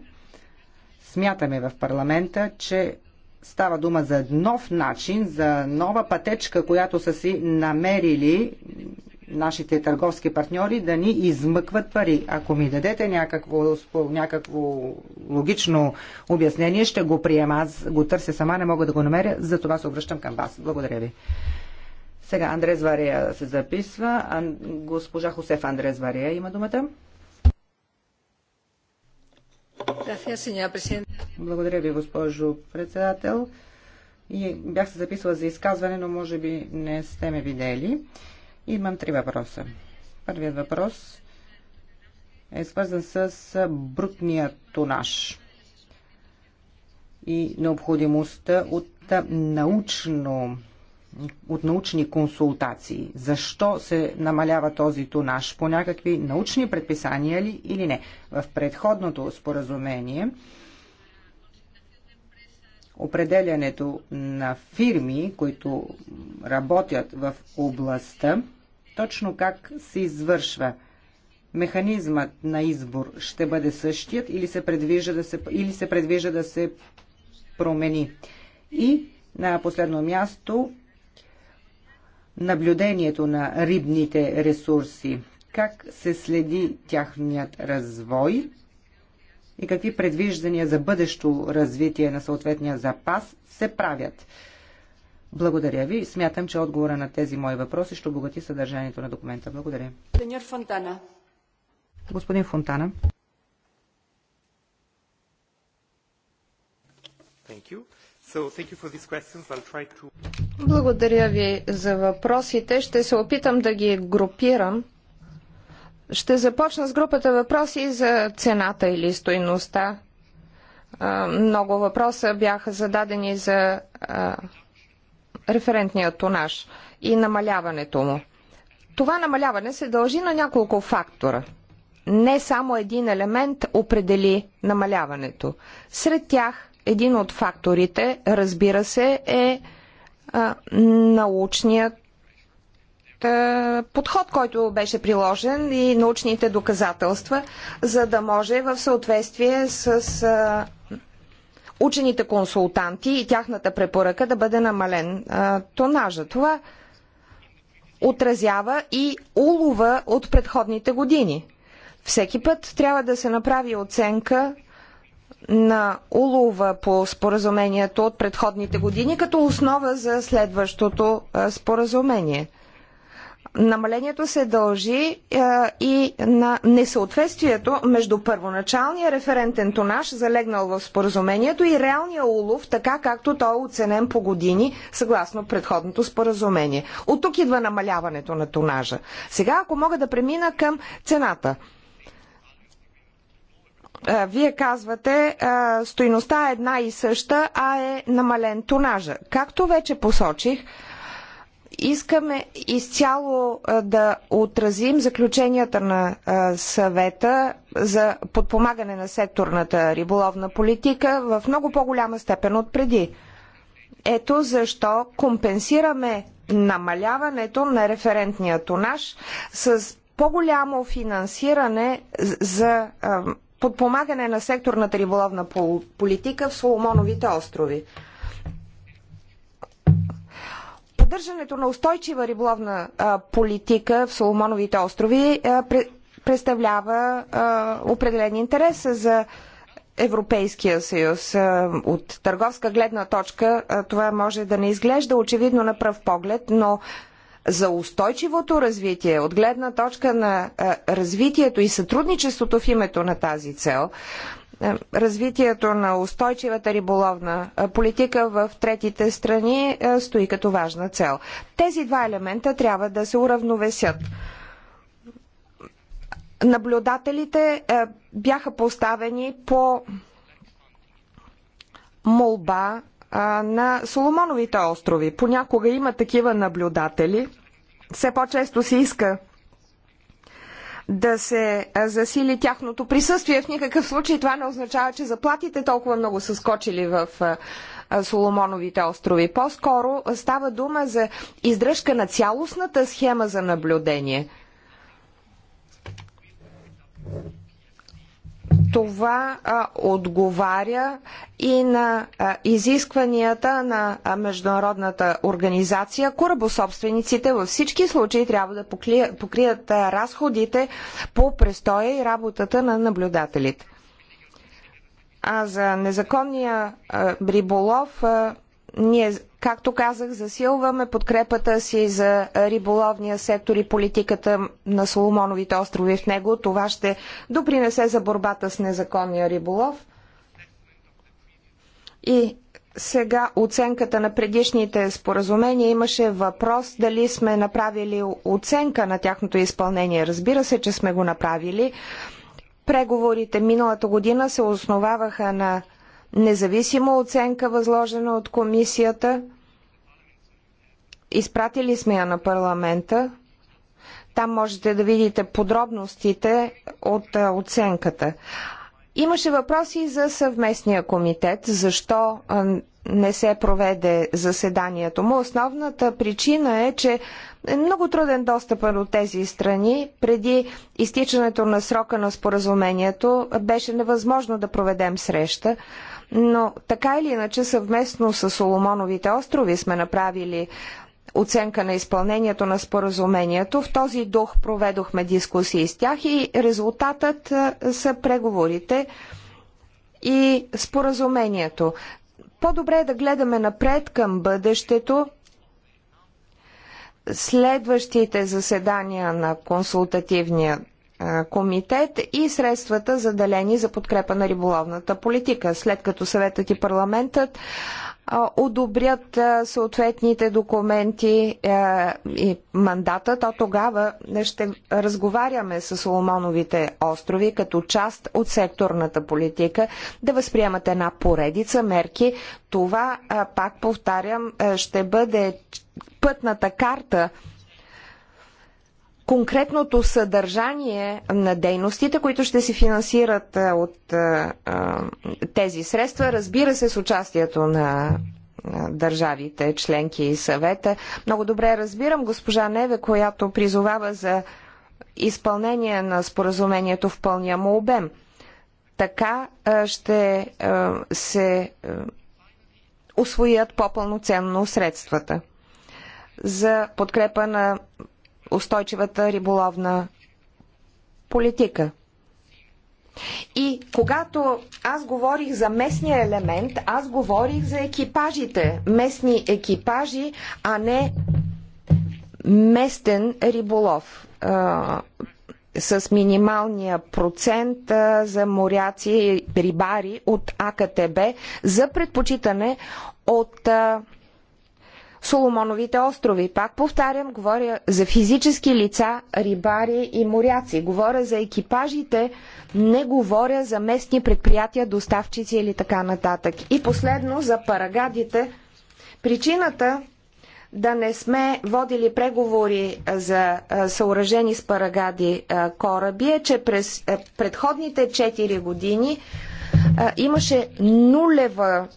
Смятаме в парламента, че става дума за нов начин, за нова пътечка, която са си намерили нашите търговски партньори да ни измъкват пари. Ако ми дадете някакво, някакво логично обяснение, ще го приема. Аз го търся сама, не мога да го намеря, затова се обръщам към вас. Благодаря ви. Сега Андрес Вария се записва. Ан... Госпожа Хосеф Андрес Вария има думата. Благодаря ви, госпожо председател. И бях се записала за изказване, но може би не сте ме видели. Имам три въпроса. Първият въпрос е свързан с брутния тонаж и необходимостта от научно от научни консултации. Защо се намалява този тонаж? По някакви научни предписания ли или не? В предходното споразумение определянето на фирми, които работят в областта, точно как се извършва. Механизмът на избор ще бъде същият или се предвижда да се, или се, предвижда да се промени. И на последно място наблюдението на рибните ресурси. Как се следи тяхният развой и какви предвиждания за бъдещо развитие на съответния запас се правят? Благодаря ви. Смятам, че отговора на тези мои въпроси ще обогати съдържанието на документа. Благодаря. Сеньор Фонтана. Господин Фонтана. Thank you. So, thank you for these questions. I'll try to... Благодаря ви за въпросите. Ще се опитам да ги групирам. Ще започна с групата въпроси за цената или стойността. Много въпроса бяха зададени за референтния тонаж и намаляването му. Това намаляване се дължи на няколко фактора. Не само един елемент определи намаляването. Сред тях един от факторите, разбира се, е а, научният е, подход, който беше приложен и научните доказателства, за да може в съответствие с е, учените консултанти и тяхната препоръка да бъде намален е, тонажа. Това отразява и улова от предходните години. Всеки път трябва да се направи оценка на улова по споразумението от предходните години като основа за следващото споразумение – Намалението се дължи е, и на несъответствието между първоначалния референтен тонаж, залегнал в споразумението, и реалния улов, така както той е оценен по години, съгласно предходното споразумение. От тук идва намаляването на тонажа. Сега, ако мога да премина към цената. Е, вие казвате, е, стоиността е една и съща, а е намален тонажа. Както вече посочих, Искаме изцяло да отразим заключенията на съвета за подпомагане на секторната риболовна политика в много по-голяма степен от преди. Ето защо компенсираме намаляването на референтния тонаж с по-голямо финансиране за подпомагане на секторната риболовна политика в Соломоновите острови. Поддържането на устойчива риболовна политика в Соломоновите острови представлява определен интерес за Европейския съюз. От търговска гледна точка това може да не изглежда очевидно на пръв поглед, но за устойчивото развитие, от гледна точка на развитието и сътрудничеството в името на тази цел, е, развитието на устойчивата риболовна е, политика в третите страни е, стои като важна цел. Тези два елемента трябва да се уравновесят. Наблюдателите бяха поставени по молба на Соломоновите острови. Понякога има такива наблюдатели. Все по-често се иска да се засили тяхното присъствие. В никакъв случай това не означава, че заплатите толкова много са скочили в Соломоновите острови. По-скоро става дума за издръжка на цялостната схема за наблюдение това а, отговаря и на а, изискванията на а, Международната организация. Корабособствениците във всички случаи трябва да покрият, покрият а, разходите по престоя и работата на наблюдателите. А за незаконния а, риболов а, ние, както казах, засилваме подкрепата си за риболовния сектор и политиката на Соломоновите острови в него. Това ще допринесе за борбата с незаконния риболов. И сега оценката на предишните споразумения имаше въпрос дали сме направили оценка на тяхното изпълнение. Разбира се, че сме го направили. Преговорите миналата година се основаваха на независима оценка, възложена от комисията. Изпратили сме я на парламента. Там можете да видите подробностите от оценката. Имаше въпроси за съвместния комитет. Защо не се проведе заседанието му? Основната причина е, че е много труден достъп от тези страни. Преди изтичането на срока на споразумението беше невъзможно да проведем среща но така или иначе съвместно с Соломоновите острови сме направили оценка на изпълнението на споразумението. В този дух проведохме дискусии с тях и резултатът са преговорите и споразумението. По-добре е да гледаме напред към бъдещето. Следващите заседания на консултативния комитет и средствата заделени за подкрепа на риболовната политика, след като съветът и парламентът одобрят съответните документи и мандата, то тогава ще разговаряме с Соломоновите острови като част от секторната политика да възприемат една поредица мерки. Това, пак повтарям, ще бъде пътната карта конкретното съдържание на дейностите, които ще се финансират от тези средства, разбира се, с участието на държавите, членки и съвета. Много добре разбирам госпожа Неве, която призовава за изпълнение на споразумението в пълния му обем. Така ще се освоят по-пълноценно средствата за подкрепа на устойчивата риболовна политика. И когато аз говорих за местния елемент, аз говорих за екипажите, местни екипажи, а не местен риболов а, с минималния процент а, за моряци и рибари от АКТБ за предпочитане от а, Соломоновите острови. Пак повтарям, говоря за физически лица, рибари и моряци. Говоря за екипажите, не говоря за местни предприятия, доставчици или така нататък. И последно за парагадите. Причината да не сме водили преговори за съоръжени с парагади кораби е, че през предходните 4 години имаше нулева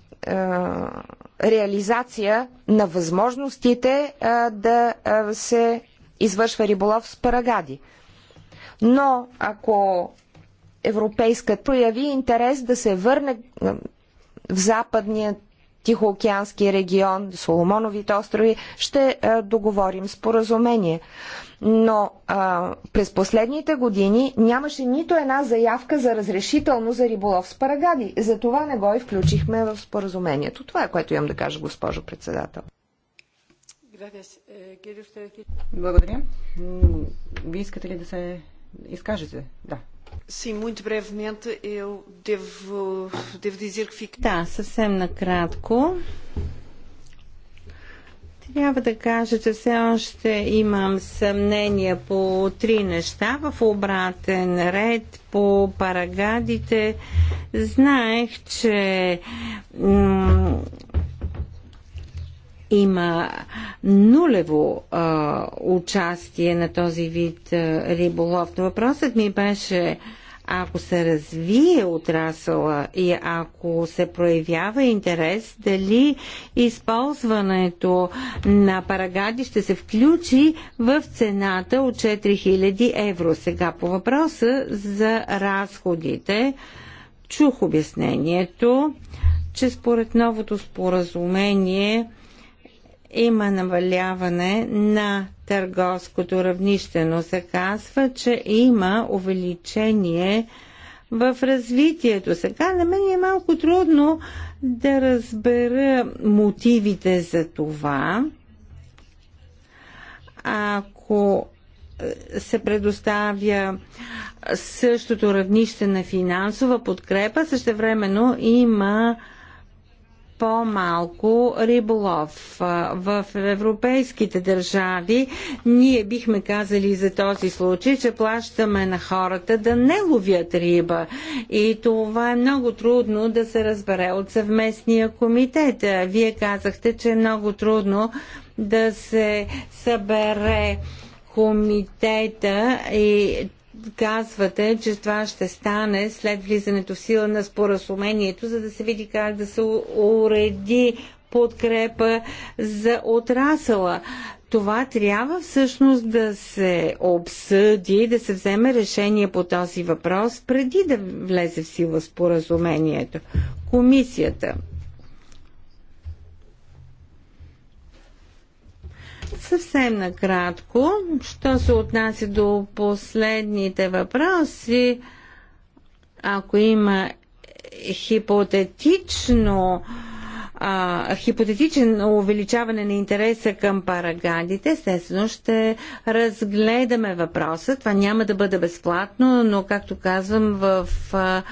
реализация на възможностите да се извършва риболов с парагади. Но ако европейската прояви интерес да се върне в западния Тихоокеански регион, Соломоновите острови, ще договорим споразумение но а, през последните години нямаше нито една заявка за разрешително за риболов с парагади. Затова не го и включихме в споразумението. Това е което имам да кажа, госпожо председател. Благодаря. Вие искате ли да се изкажете? Да. Да, съвсем накратко. Трябва да кажа, че все още имам съмнение по три неща в обратен ред по парагадите. Знаех, че има нулево а, участие на този вид а, риболов. Но въпросът ми беше ако се развие отрасъла и ако се проявява интерес, дали използването на парагади ще се включи в цената от 4000 евро. Сега по въпроса за разходите. Чух обяснението, че според новото споразумение има наваляване на търговското равнище, но се казва, че има увеличение в развитието. Сега на мен е малко трудно да разбера мотивите за това. Ако се предоставя същото равнище на финансова подкрепа, същевременно има по-малко риболов. В европейските държави ние бихме казали за този случай, че плащаме на хората да не ловят риба. И това е много трудно да се разбере от съвместния комитет. Вие казахте, че е много трудно да се събере комитета и казвате, че това ще стане след влизането в сила на споразумението, за да се види как да се уреди подкрепа за отрасъла. Това трябва всъщност да се обсъди, да се вземе решение по този въпрос преди да влезе в сила споразумението. Комисията Съвсем накратко, що се отнася до последните въпроси, ако има хипотетично а, хипотетичен увеличаване на интереса към парагадите, естествено ще разгледаме въпроса. Това няма да бъде безплатно, но както казвам, в а,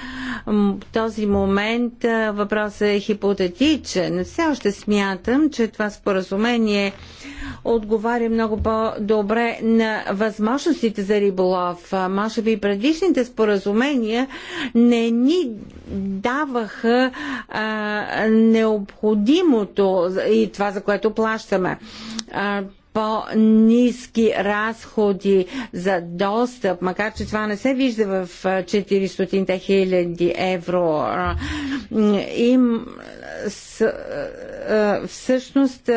този момент а, въпросът е хипотетичен. Все още смятам, че това споразумение е отговаря много по-добре на възможностите за риболов. Може би предишните споразумения не ни даваха а, необходимото и това, за което плащаме. А, по-низки разходи за достъп, макар че това не се вижда в 400 хиляди евро. Им с, всъщност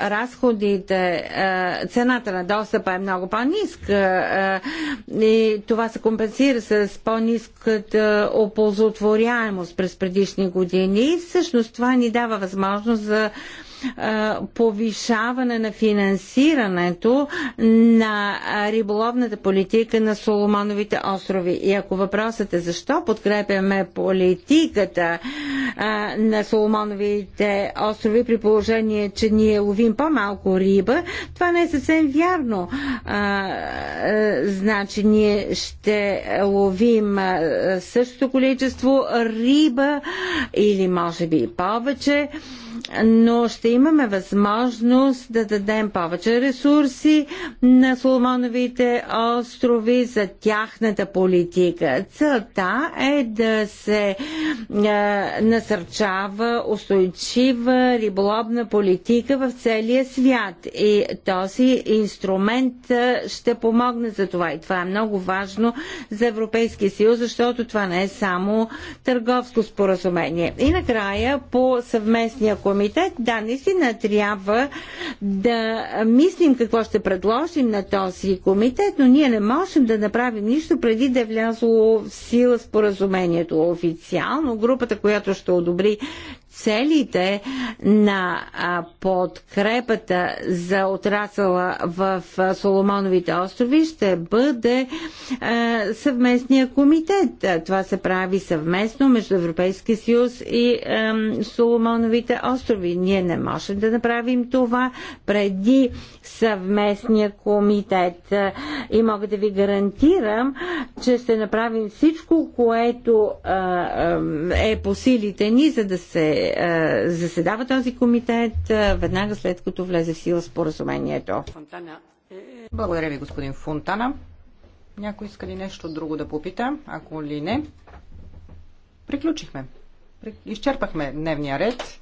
разходите, цената на достъпа е много по-ниска и това се компенсира с по-низката оползотворяемост през предишни години и всъщност това ни дава възможност за повишаване на финансирането на риболовната политика на Соломоновите острови. И ако въпросът е защо подкрепяме политиката на Соломоновите острови при положение, че ние ловим по-малко риба, това не е съвсем вярно. Значи ние ще ловим същото количество риба или може би повече, но ще имаме възможност да дадем повече ресурси на Соломоновите острови за тяхната политика. Целта е да се е, насърчава устойчива риболовна политика в целия свят и този инструмент е, ще помогне за това. И това е много важно за Европейския съюз, защото това не е само търговско споразумение. И накрая по съвместния комитет, да, наистина наистина трябва да мислим какво ще предложим на този комитет, но ние не можем да направим нищо преди да е влязло в сила споразумението. Официално групата, която ще одобри целите на подкрепата за отрасъла в Соломоновите острови ще бъде съвместния комитет. Това се прави съвместно между Европейския съюз и Соломоновите острови. Ние не можем да направим това преди съвместния комитет. И мога да ви гарантирам, че ще направим всичко, което е по силите ни, за да се ще заседава този комитет е, веднага след като влезе в сила споразумението. Е, е. Благодаря ви, господин Фонтана. Някой иска ли нещо друго да попита? Ако ли не, приключихме. Изчерпахме дневния ред.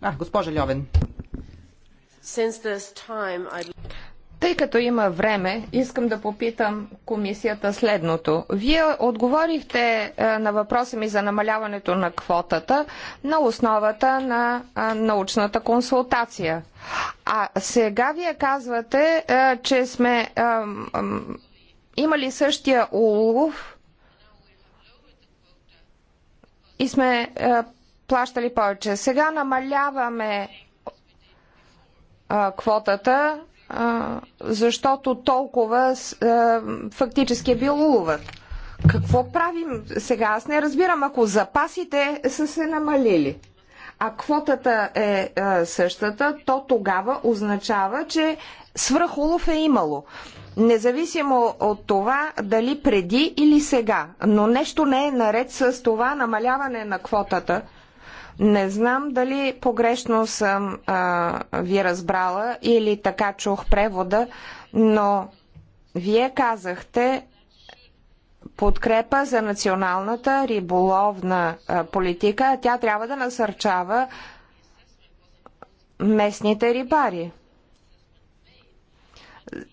А, госпожа Льовен. Тъй като има време, искам да попитам комисията следното. Вие отговорихте е, на въпроса ми за намаляването на квотата на основата на е, научната консултация. А сега вие казвате, е, че сме имали същия улов и сме плащали повече. Сега намаляваме квотата защото толкова фактически е бил уловът. Какво правим сега? Аз не разбирам, ако запасите са се намалили, а квотата е същата, то тогава означава, че свръхулов е имало. Независимо от това дали преди или сега. Но нещо не е наред с това намаляване на квотата – не знам дали погрешно съм а, ви разбрала или така чух превода, но вие казахте подкрепа за националната риболовна политика, а тя трябва да насърчава местните рибари.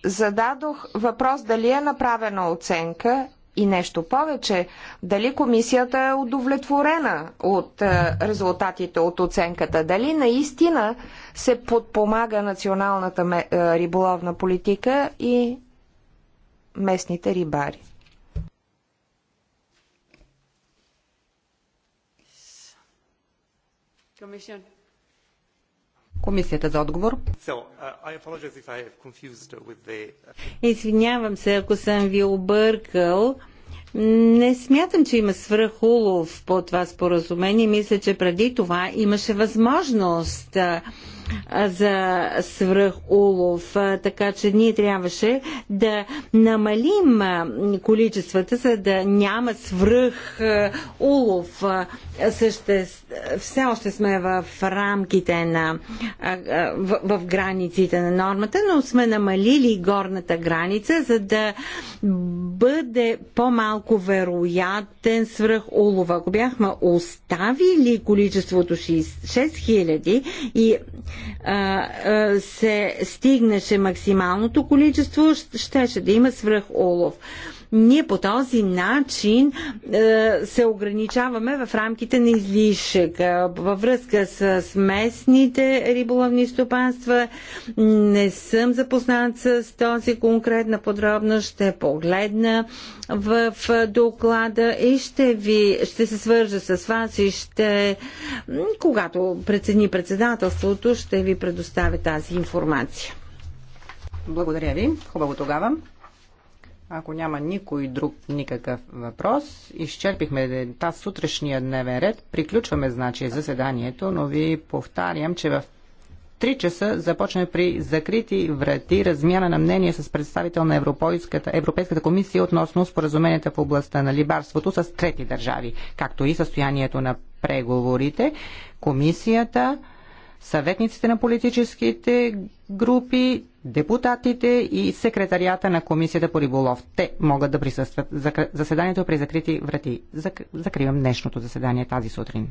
Зададох въпрос дали е направена оценка и нещо повече, дали комисията е удовлетворена от е, резултатите от оценката, дали наистина се подпомага националната е, риболовна политика и местните рибари. Комисията. Комисията за отговор. Uh, Извинявам се, ако съм ви объркал. Не смятам, че има свръхулов по това споразумение. Мисля, че преди това имаше възможност за свръхулов, така че ние трябваше да намалим количествата, за да няма свръх улов. Съще, все още сме в рамките на в, в границите на нормата, но сме намалили горната граница, за да бъде по-малко вероятен свръхулов. Ако бяхме оставили количеството 6000 и се стигнеше максималното количество, щеше да има свръх улов ние по този начин е, се ограничаваме в рамките на излишък. Е, във връзка с местните риболовни стопанства не съм запознат с този конкретна подробност. Ще погледна в доклада и ще ви ще се свържа с вас и ще когато прецени председателството ще ви предоставя тази информация. Благодаря ви. Хубаво тогава. Ако няма никой друг никакъв въпрос, изчерпихме тази сутрешния дневен ред. Приключваме, значи, заседанието, но ви повтарям, че в 3 часа започне при закрити врати размяна на мнение с представител на Европейската, Европейската комисия относно споразуменията в областта на либарството с трети държави, както и състоянието на преговорите. Комисията, съветниците на политическите групи, депутатите и секретарията на Комисията по риболов. Те могат да присъстват. Заседанието е при закрити врати. Закривам днешното заседание тази сутрин.